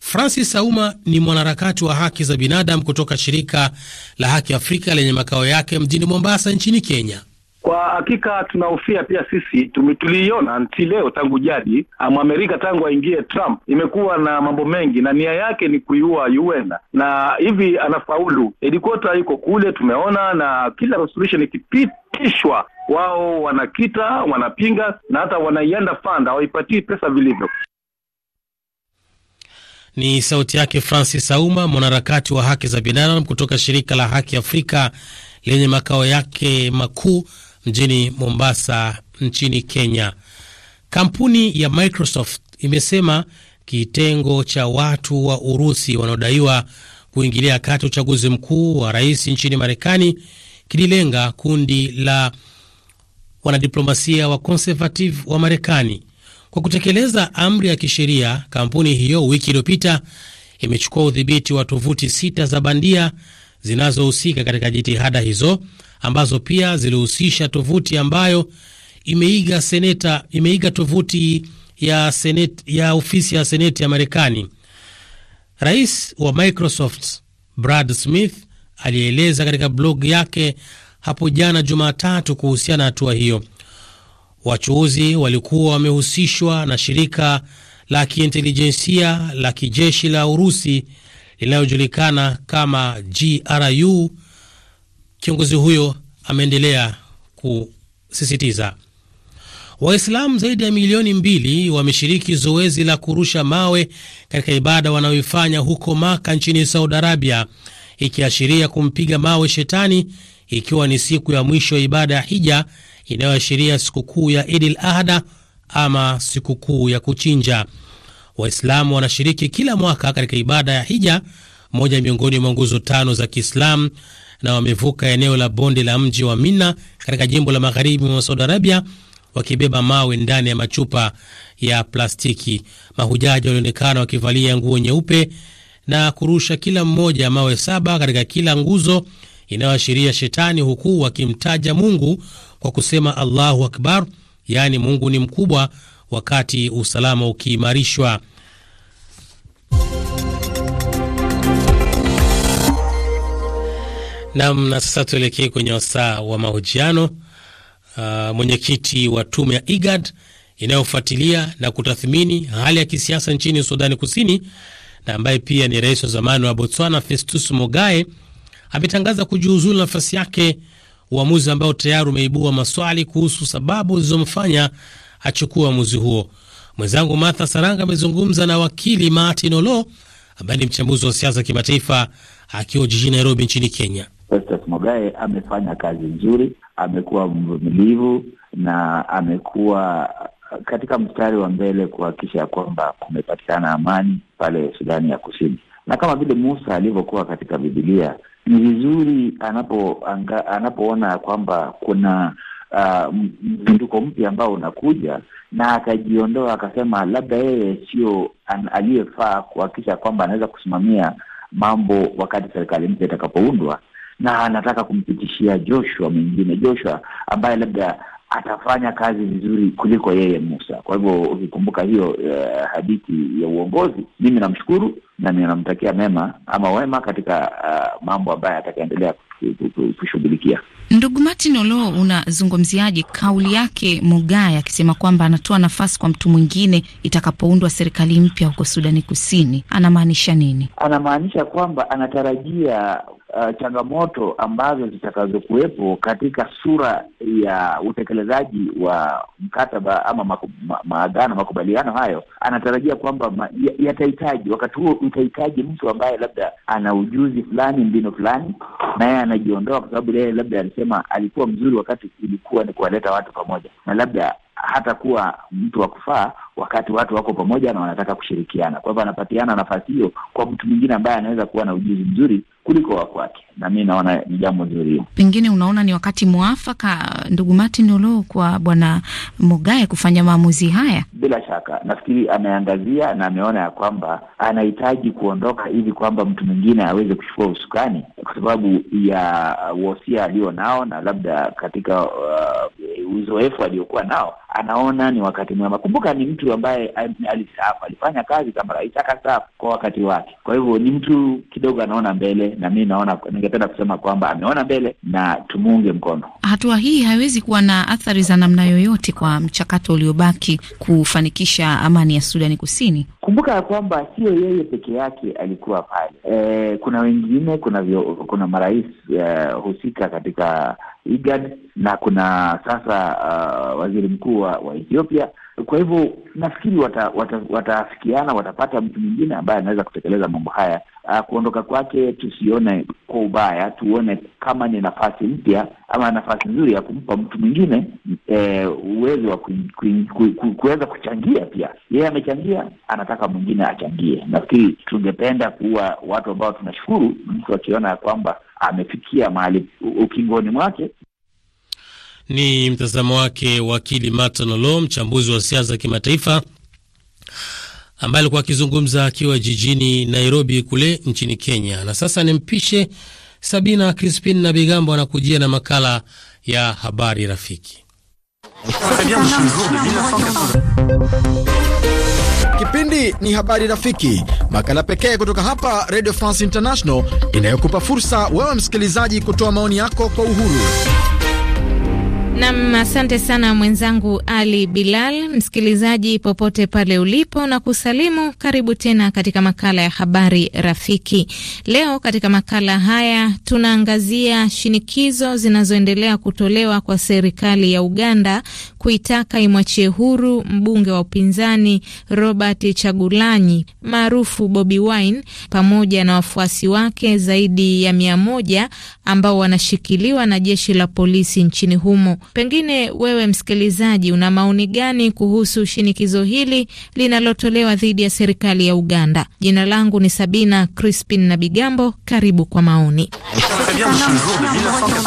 Francis Auma ni mwanaharakati wa haki za binadamu kutoka shirika la Haki Afrika lenye makao yake mjini Mombasa nchini Kenya. Kwa hakika tunahofia pia sisi, tuliiona nchi leo tangu jadi um, Amerika tangu aingie Trump imekuwa na mambo mengi, na nia yake ni kuiua UN na hivi anafaulu. edikota iko kule, tumeona na kila resolution ikipitishwa wao wanakita, wanapinga na hata wanaienda fanda, hawaipatii pesa vilivyo. Ni sauti yake Francis Auma, mwanaharakati wa haki za binadam kutoka shirika la Haki Afrika lenye makao yake makuu mjini Mombasa nchini Kenya. Kampuni ya Microsoft imesema kitengo cha watu wa Urusi wanaodaiwa kuingilia kati uchaguzi mkuu wa rais nchini Marekani kililenga kundi la wanadiplomasia wa conservative wa Marekani. Kwa kutekeleza amri ya kisheria, kampuni hiyo wiki iliyopita imechukua udhibiti wa tovuti sita za bandia zinazohusika katika jitihada hizo ambazo pia zilihusisha tovuti ambayo imeiga seneta, imeiga tovuti ya, seneti, ya ofisi ya seneti ya Marekani. Rais wa Microsoft Brad Smith alieleza katika blog yake hapo jana Jumatatu kuhusiana na hatua hiyo. Wachuuzi walikuwa wamehusishwa na shirika la kiintelijensia la kijeshi la Urusi linayojulikana kama GRU. Kiongozi huyo ameendelea kusisitiza Waislamu zaidi ya milioni mbili wameshiriki zoezi la kurusha mawe katika ibada wanayoifanya huko Maka nchini Saudi Arabia, ikiashiria kumpiga mawe shetani, ikiwa ni siku ya mwisho ya ibada ya hija inayoashiria sikukuu ya Idil Adha ama sikukuu ya kuchinja. Waislamu wanashiriki kila mwaka katika ibada ya hija, moja miongoni mwa nguzo tano za Kiislamu, na wamevuka eneo la bonde la mji wa Mina katika jimbo la magharibi mwa Saudi Arabia wakibeba mawe ndani ya machupa ya plastiki. Mahujaji walionekana wakivalia nguo nyeupe na kurusha kila mmoja mawe saba katika kila nguzo inayoashiria shetani, huku wakimtaja Mungu kwa kusema Allahu akbar, yaani Mungu ni mkubwa wakati usalama ukiimarishwa. Nam, na sasa tuelekee kwenye wasaa wa mahojiano. Uh, mwenyekiti wa tume ya IGAD inayofuatilia na kutathmini hali ya kisiasa nchini Sudani Kusini na ambaye pia ni rais wa zamani wa Botswana Festus Mogae ametangaza kujiuzulu nafasi yake, uamuzi ambao tayari umeibua maswali kuhusu sababu zilizomfanya achukua uamuzi huo. Mwenzangu Martha Saranga amezungumza na wakili Martin Olo ambaye ni mchambuzi wa siasa kimataifa akiwa jijini Nairobi nchini Kenya. Festus Mogae amefanya kazi nzuri, amekuwa mvumilivu na amekuwa katika mstari wa mbele kuhakikisha ya kwamba kumepatikana amani pale Sudani ya Kusini, na kama vile Musa alivyokuwa katika Bibilia, ni vizuri anapoona anapo kwamba kuna mpinduko uh, mpya ambao unakuja, na akajiondoa akasema labda yeye sio aliyefaa kuhakikisha kwamba anaweza kusimamia mambo wakati serikali mpya itakapoundwa, na anataka kumpitishia Joshua mwingine, Joshua ambaye labda atafanya kazi vizuri kuliko yeye Musa. Kwa hivyo ukikumbuka hiyo uh, hadithi ya uongozi, mimi namshukuru na ninamtakia mema ama wema katika uh, mambo ambayo atakaendelea kushughulikia. Ndugu Martin Olo, unazungumziaje kauli yake Mugaya akisema kwamba anatoa nafasi kwa mtu mwingine itakapoundwa serikali mpya huko Sudani Kusini? Anamaanisha nini? Anamaanisha kwamba anatarajia uh, changamoto ambazo zitakazokuwepo katika sura ya utekelezaji wa mkataba ama maku, ma, maagano makubaliano hayo, anatarajia kwamba yatahitaji ya wakati huo utahitaji mtu ambaye labda ana ujuzi fulani, mbinu fulani, naye anajiondoa kwa sababu yeye labda alisema alikuwa mzuri wakati ilikuwa ni kuwaleta watu pamoja, na labda hata kuwa mtu wa kufaa wakati watu wako pamoja na wanataka kushirikiana. Kwa hivyo anapatiana nafasi hiyo kwa mtu mwingine ambaye anaweza kuwa na ujuzi mzuri kuliko wa kwake, na mi naona ni jambo zuri hiyo. Pengine unaona ni wakati mwafaka, ndugu Martin Olo, kwa bwana Mogae kufanya maamuzi haya. Bila shaka, nafikiri ameangazia na ameona ya kwamba anahitaji kuondoka ili kwamba mtu mwingine aweze kuchukua usukani, kwa sababu ya wosia alio nao na labda katika uh, uzoefu aliokuwa nao anaona ni wakati mwema. Kumbuka ni mtu ambaye alistaafu, alifanya kazi kama rais akastaafu kwa wakati wake. Kwa hivyo ni mtu kidogo anaona mbele, na mi naona, ningependa kusema kwamba ameona mbele na tumuunge mkono. Hatua hii haiwezi kuwa na athari za namna yoyote kwa mchakato uliobaki kufanikisha amani ya Sudani Kusini. Kumbuka ya kwamba sio yeye peke yake alikuwa pale e, kuna wengine, kuna vio, kuna marais uh, husika katika IGAD na kuna sasa uh, waziri mkuu wa Ethiopia kwa hivyo nafikiri wataafikiana, wata, wata watapata mtu mwingine ambaye anaweza kutekeleza mambo haya. Ah, kuondoka kwake tusione kwa ubaya, tuone kama ni nafasi mpya ama nafasi nzuri ya kumpa mtu mwingine eh, uwezo wa kuweza kuchangia pia. Yeye amechangia, anataka mwingine achangie. Nafikiri tungependa kuwa watu ambao tunashukuru mtu akiona ya kwamba amefikia mahali ukingoni mwake, ni mtazamo wake wakili Martin Olo, mchambuzi wa siasa za kimataifa ambaye alikuwa akizungumza akiwa jijini Nairobi kule nchini Kenya. Na sasa nimpishe Sabina Crispin na Bigambo anakujia na makala ya habari rafiki. Kipindi ni habari rafiki, makala pekee kutoka hapa Radio France International inayokupa fursa wewe msikilizaji kutoa maoni yako kwa uhuru. Nam, asante sana mwenzangu Ali Bilal. Msikilizaji popote pale ulipo, na kusalimu, karibu tena katika makala ya habari rafiki. Leo katika makala haya tunaangazia shinikizo zinazoendelea kutolewa kwa serikali ya Uganda kuitaka imwachie huru mbunge wa upinzani Robert Chagulanyi maarufu Bobi Wine pamoja na wafuasi wake zaidi ya mia moja ambao wanashikiliwa na jeshi la polisi nchini humo. Pengine wewe msikilizaji, una maoni gani kuhusu shinikizo hili linalotolewa dhidi ya serikali ya Uganda? Jina langu ni Sabina Crispin na Bigambo, karibu kwa maoni.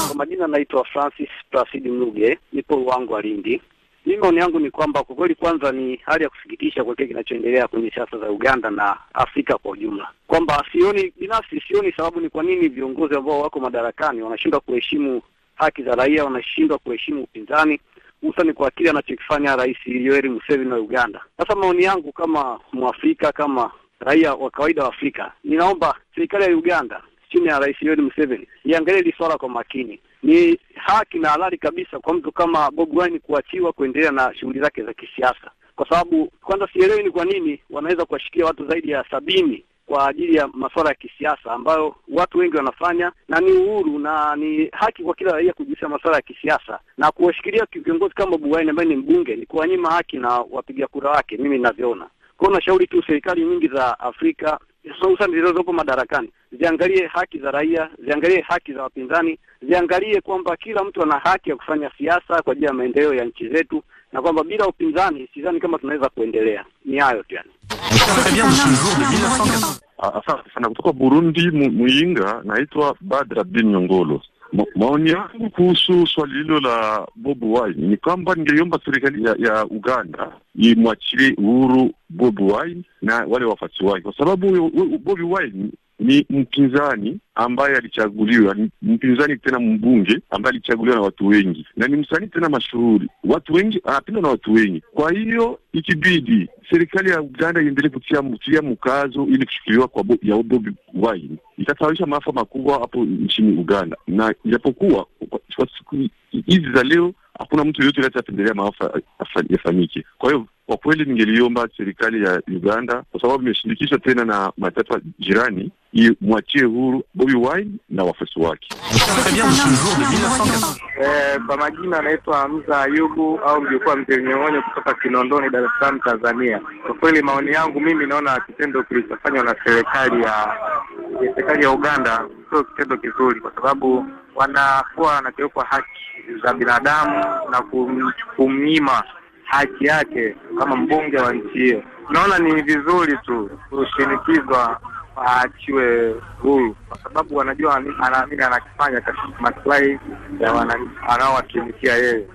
Kwa majina naitwa Francis Plasidi Mluge, nipo wangu Lindi. Mimi maoni yangu ni kwamba kwa kweli, kwanza ni hali ya kusikitisha kwa kile kinachoendelea kwenye siasa za Uganda na Afrika kwa ujumla, kwamba sioni binafsi, sioni sababu ni kwa nini viongozi ambao wako madarakani wanashindwa kuheshimu haki za raia, wanashindwa kuheshimu upinzani, hususani kwa kile anachokifanya Rais Yoweri Museveni wa Uganda. Sasa maoni yangu kama Mwafrika, kama raia wa kawaida wa Afrika, ninaomba serikali ya Uganda chini ya Rais Yoweri Museveni iangalie hili swala kwa makini ni haki na halali kabisa kwa mtu kama Bob Wine kuachiwa kuendelea na shughuli zake za kisiasa, kwa sababu kwanza sielewi ni kwa nini wanaweza kuwashikia watu zaidi ya sabini kwa ajili ya masuala ya kisiasa ambayo watu wengi wanafanya, na ni uhuru na ni haki kwa kila raia kujihusisha masuala ya kisiasa, na kuwashikilia kiongozi kama Bobi Wine ambaye ni mbunge ni kuwanyima haki na wapiga kura wake, mimi ninavyoona. Kwa hiyo nashauri tu serikali nyingi za Afrika hususan zilizopo madarakani ziangalie haki za raia, ziangalie haki za wapinzani, ziangalie kwamba kila mtu ana haki ya kufanya siasa kwa ajili ya maendeleo ya nchi zetu, na kwamba bila upinzani sidhani kama tunaweza kuendelea. Ni hayo tu yani. Ah, asante sana. Kutoka Burundi, Muyinga, naitwa Badra bin Nyongolo. Maoni yangu kuhusu swali hilo la bob Wine ni kwamba ningeiomba serikali ya, ya Uganda imwachilie uhuru bob Wine na wale wafuasi wake, kwa sababu Bobi Wine ni mpinzani ambaye alichaguliwa, mpinzani tena mbunge ambaye alichaguliwa na watu wengi, na ni msanii tena mashuhuri, watu wengi anapendwa na watu wengi. Kwa hiyo ikibidi serikali ya Uganda iendelee mtia mkazo ili kushikiliwa kwa bo, ya Bobi Wine itasababisha maafa makubwa hapo nchini Uganda, na ijapokuwa kwa siku hizi za leo hakuna mtu yoyote atapendelea maafa yafanyike. Kwa hiyo kwa kweli, ningeliomba serikali ya Uganda, kwa sababu imeshindikishwa tena na mataifa jirani, mwachie huru Bobi Wine na wafuasi wake. Eh, kwa majina anaitwa Hamza Ayubu au mjukuu mzee Nyong'onyo kutoka Kinondoni, Dar es Salaam, Tanzania. Kwa kweli, maoni yangu mimi naona kitendo kilichofanywa na serikali ya serikali ya Uganda sio kitendo kizuri, kwa sababu wanakuwa wanakiuka haki za binadamu na kumnyima haki yake kama mbunge wa nchi hiyo. Naona ni vizuri tu kushinikizwa aachiwe huru, kwa sababu anajua anaamini anakifanya katika maslahi ya wanaowatumikia yeye.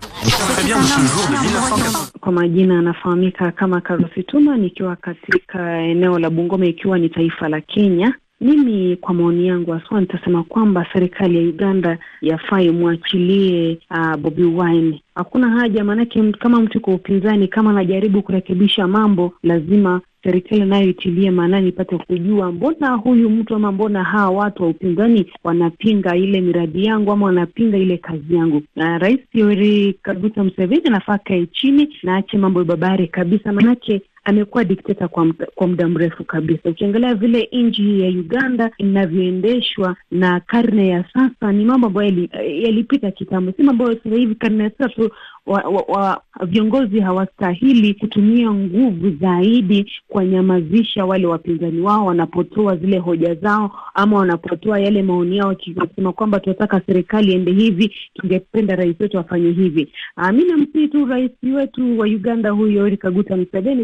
Kwa majina anafahamika kama Karosituma, nikiwa katika eneo la Bungoma, ikiwa ni taifa la Kenya. Mimi kwa maoni yangu haswa nitasema kwamba serikali ya Uganda yafai mwachilie uh, Bobi Wine. Hakuna haja, maanake kama mtu kwa upinzani, kama anajaribu kurekebisha mambo, lazima serikali nayo itilie maanani, ipate kujua mbona huyu mtu ama mbona hawa watu wa upinzani wanapinga ile miradi yangu ama wanapinga ile kazi yangu. Na Rais Yoweri Kaguta Museveni anafaa kae chini na ache mambo ya babari kabisa, manake amekuwa dikteta kwa muda, kwa muda mrefu kabisa. Ukiangalia vile nchi ya Uganda inavyoendeshwa na karne ya sasa, ni mambo ambayo yalipita kitambo, si mambo sasa hivi karne ya sasa tu wa, wa, wa, viongozi hawastahili kutumia nguvu zaidi kuwanyamazisha wale wapinzani wao wanapotoa zile hoja zao ama wanapotoa yale maoni yao, wakisema kwamba tunataka serikali ende hivi, tungependa rais wetu afanye hivi. Ah, Mi namsihi tu rais wetu wa Uganda huyo Yoweri Kaguta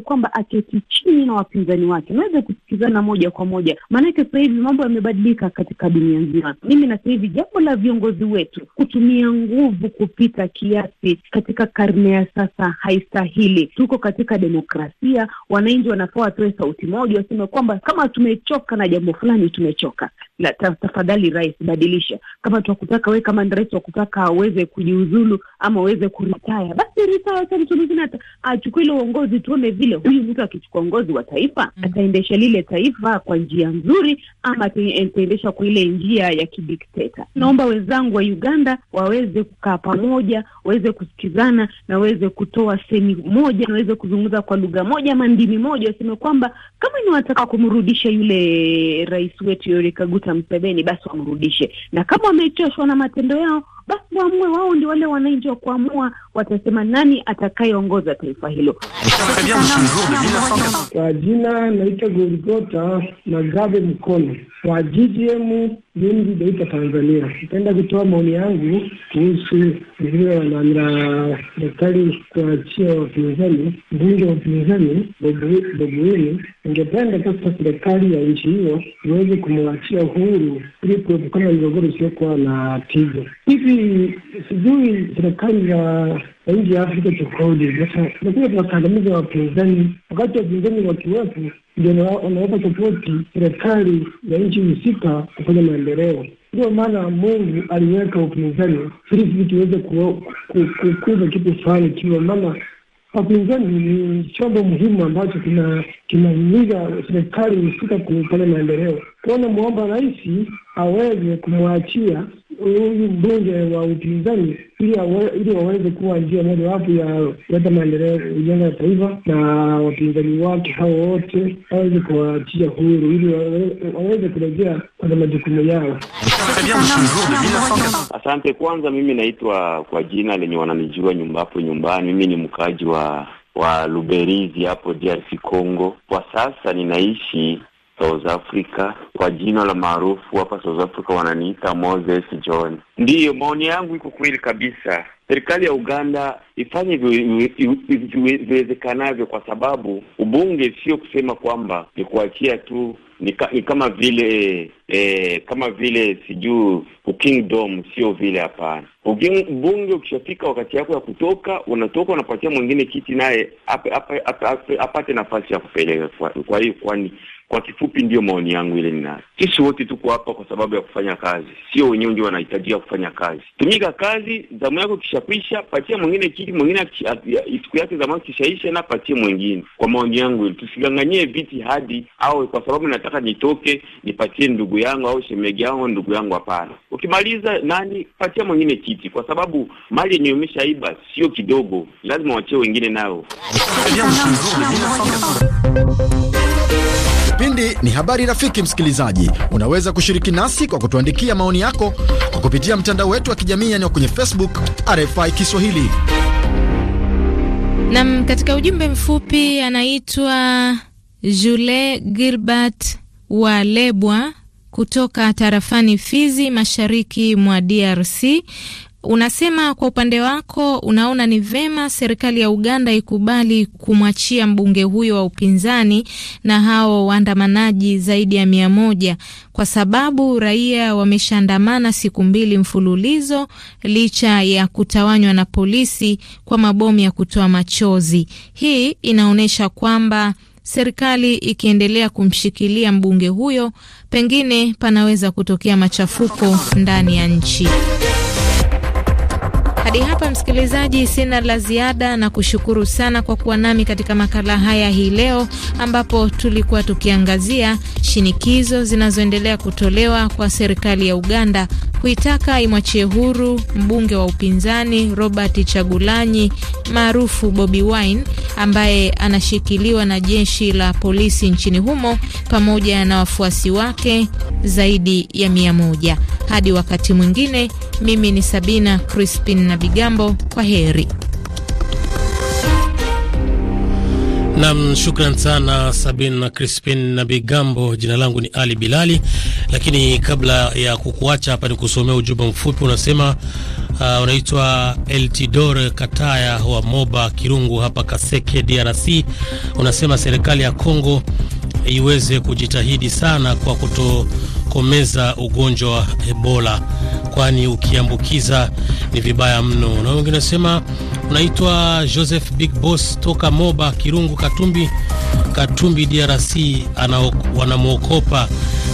kwamba aketi chini na wapinzani wake naweza kusikizana moja kwa moja, maanake sasa hivi mambo yamebadilika katika dunia nzima. Mimi nasahivi hivi jambo la viongozi wetu kutumia nguvu kupita kiasi katika katika karne ya sasa haistahili. Tuko katika demokrasia, wananchi wanafaa watoe sauti moja, waseme kwamba kama tumechoka na jambo fulani, tumechoka na tafadhali rais, badilisha kama twakutaka we kama rais wakutaka aweze kujiuzulu ama uweze kuritaya, basi ritaya mtu mwingine achukua ile uongozi, tuone vile huyu mtu akichukua uongozi wa taifa mm, ataendesha lile taifa kwa njia nzuri ama ataendesha kwa ile njia ya kidikteta. Mm. Naomba wenzangu wa Uganda waweze kukaa pamoja, waweze kusikizana na waweze kutoa semi moja na waweze kuzungumza kwa lugha moja ama ndimi moja, waseme kwamba kama ni wataka kumrudisha yule rais wetu yorekaguta mwanamke ampebeni, basi wamrudishe, na kama wamechoshwa na matendo yao, basi waamue wao, ndio wale wananchi wa kuamua watasema nani atakayeongoza taifa hilo. Kwa jina naitwa Gorigota Magabe Mkono wa GGM Unity Data Tanzania. Napenda kutoa maoni yangu kuhusu vile na serikali kuachia wapinzani, mbunge wa upinzani Bobuini. Ningependa sasa serikali ya nchi hiyo iweze kumwachia uhuru ili kuepukana na migogoro isiyokuwa na tija. Hivi sijui serikali ya na nchi ya Afrika tofauti. Sasa nakuwa tunakandamiza wapinzani, wakati wa wakiwepo ndio wanawapa sapoti serikali ya nchi husika kufanya maendeleo. Ndio maana Mungu aliweka upinzani ili tuweze kukuza kitu fulani kiwa, maana wapinzani ni chombo muhimu ambacho kinahimiza serikali husika kufanya maendeleo. Kuona mwomba rais aweze kumwachia huyu mbunge wa upinzani ili waweze kuwa njia mojawapo ya kuleta maendeleo ujenga ya taifa, na wapinzani wake hao wote waweze kuwaachia huru ili waweze kurejea kwenye majukumu yao. Asante. Kwanza mimi naitwa kwa jina lenye wananijua nyumba hapo nyumbani. Mimi ni mkaaji wa wa Luberizi hapo DRC Congo. Kwa sasa ninaishi South Africa, kwa jina la maarufu hapa South Africa wananiita Moses John. Ndiyo, maoni yangu iko kweli kabisa. Serikali ya Uganda ifanye viwezekanavyo, kwa sababu ubunge sio kusema kwamba ni kuachia tu ni, ka, ni kama vile eh, kama vile sijuu ukingdom, sio vile. Hapana, bunge ukishafika wakati yako ya kutoka, unatoka unapatia mwingine kiti, naye apate nafasi ya kupeleka. Kwa hiyo kwani kwa kifupi, ndiyo maoni yangu ile ninayo. Sisi wote tuko hapa kwa sababu ya kufanya kazi, sio wenyewe ndio wanahitajika kufanya kazi. Tumika kazi, zamu yako kishapisha, patia mwingine kiti, mwingine siku yake zamu kishaisha, na patie mwingine. Kwa maoni yangu ile, tusiganganyie viti hadi au kwa sababu nataka nitoke nipatie ndugu yangu au shemegi yangu ndugu yangu, hapana. Ukimaliza nani, patia mwingine kiti, kwa sababu mali yenye umeshaiba sio kidogo, lazima wachie wengine nao Kipindi ni habari rafiki. Msikilizaji, unaweza kushiriki nasi kwa kutuandikia maoni yako kwa kupitia mtandao wetu wa kijamii yani kwenye Facebook RFI Kiswahili. Nam, katika ujumbe mfupi anaitwa Jule Gilbert wa Lebwa kutoka tarafani Fizi, mashariki mwa DRC. Unasema kwa upande wako unaona ni vema serikali ya Uganda ikubali kumwachia mbunge huyo wa upinzani na hao waandamanaji zaidi ya mia moja kwa sababu raia wameshaandamana siku mbili mfululizo licha ya kutawanywa na polisi kwa mabomu ya kutoa machozi. Hii inaonyesha kwamba serikali ikiendelea kumshikilia mbunge huyo, pengine panaweza kutokea machafuko ndani ya nchi. Hadi hapa msikilizaji, sina la ziada na kushukuru sana kwa kuwa nami katika makala haya hii leo, ambapo tulikuwa tukiangazia shinikizo zinazoendelea kutolewa kwa serikali ya Uganda huitaka imwachie huru mbunge wa upinzani Robert Chagulanyi maarufu Bobi Wine ambaye anashikiliwa na jeshi la polisi nchini humo pamoja na wafuasi wake zaidi ya mia moja. Hadi wakati mwingine, mimi ni Sabina Crispin na Bigambo, kwa heri. Nam, shukran sana Sabin na Crispin na Bigambo. Jina langu ni Ali Bilali, lakini kabla ya kukuacha hapa ni kusomea ujumbe mfupi unasema, uh, unaitwa Eltidor Kataya wa Moba Kirungu hapa Kaseke, DRC. Unasema serikali ya Kongo iweze kujitahidi sana kwa kuto kutokomeza ugonjwa wa Ebola, kwani ukiambukiza ni vibaya mno. Na wengine nasema unaitwa Joseph Big Boss toka Moba Kirungu, Katumbi, Katumbi DRC, wanamwokopa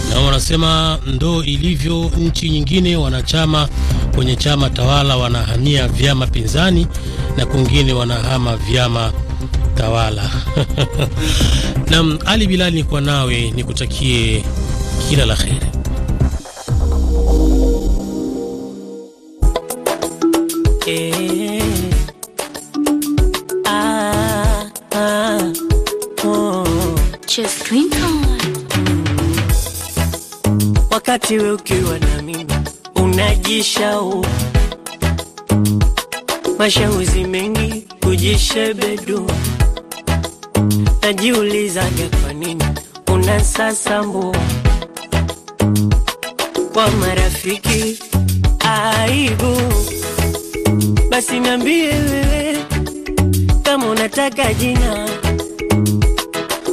na wanasema ndo ilivyo nchi nyingine, wanachama kwenye chama tawala wanahamia vyama pinzani na kwingine wanahama vyama tawala. Naam, Ali Bilali kwa nawe nikutakie kila la heri. Eh, ah, ah, oh. Wakati we ukiwa na mimi unajishau mashauzi mengi kujishebedu, najiulizaga kwa nini unasasambu kwa marafiki aibu. Basi niambie wewe kama unataka jina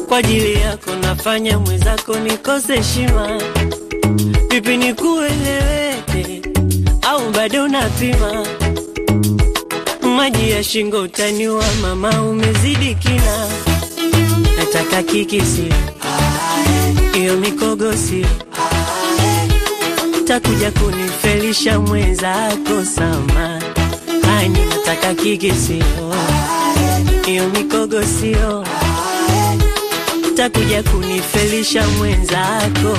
kwa ajili yako, nafanya mwenzako nikose heshima. Vipi nikueleweke au bado unapima? Maji ya shingo utaniwa, mama, umezidi kina. Nataka kikisi iyo mikogosi utakuja kunifelisha mwenzako sama ani nataka kiki sio iyo mikogo sio utakuja kunifelisha mwenzako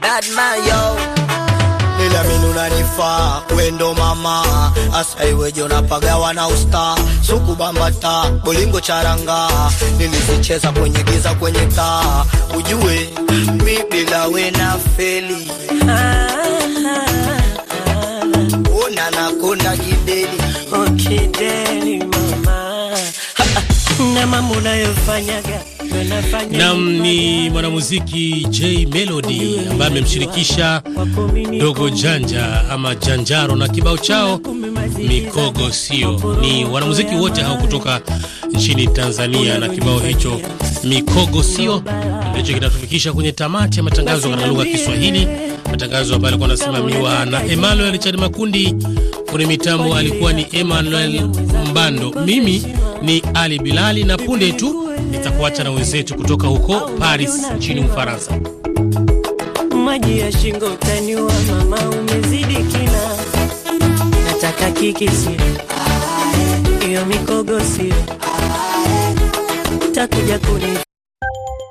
Bad man, yo. Bila mimi unanifaa wendo mama asa iweje napagawa na usta suku bambata bolingo charanga nilizicheza kwenye giza kwenye taa ujue mi bila we na feli ona nakonda kideli okideli mama na mambo unayofanyaga nam ni mwanamuziki J Melody ambaye amemshirikisha Dogo Janja ama Janjaro na kibao chao Mikogo sio. Ni wanamuziki wote hao kutoka nchini Tanzania, na kibao hicho Mikogo sio ndicho kinatufikisha kwenye tamati ya matangazo katika lugha ya Kiswahili, matangazo ambayo alikuwa anasimamiwa na Emmanuel Richard Makundi kwenye mitambo alikuwa ni Emmanuel Mbando, mimi ni Ali Bilali, na punde tu nitakuacha na wenzetu kutoka huko Paris nchini Ufaransa. Maji ya shingo utaniua mama, umezidi kina, nataka kiki sio hiyo mikogo sio takuja kuni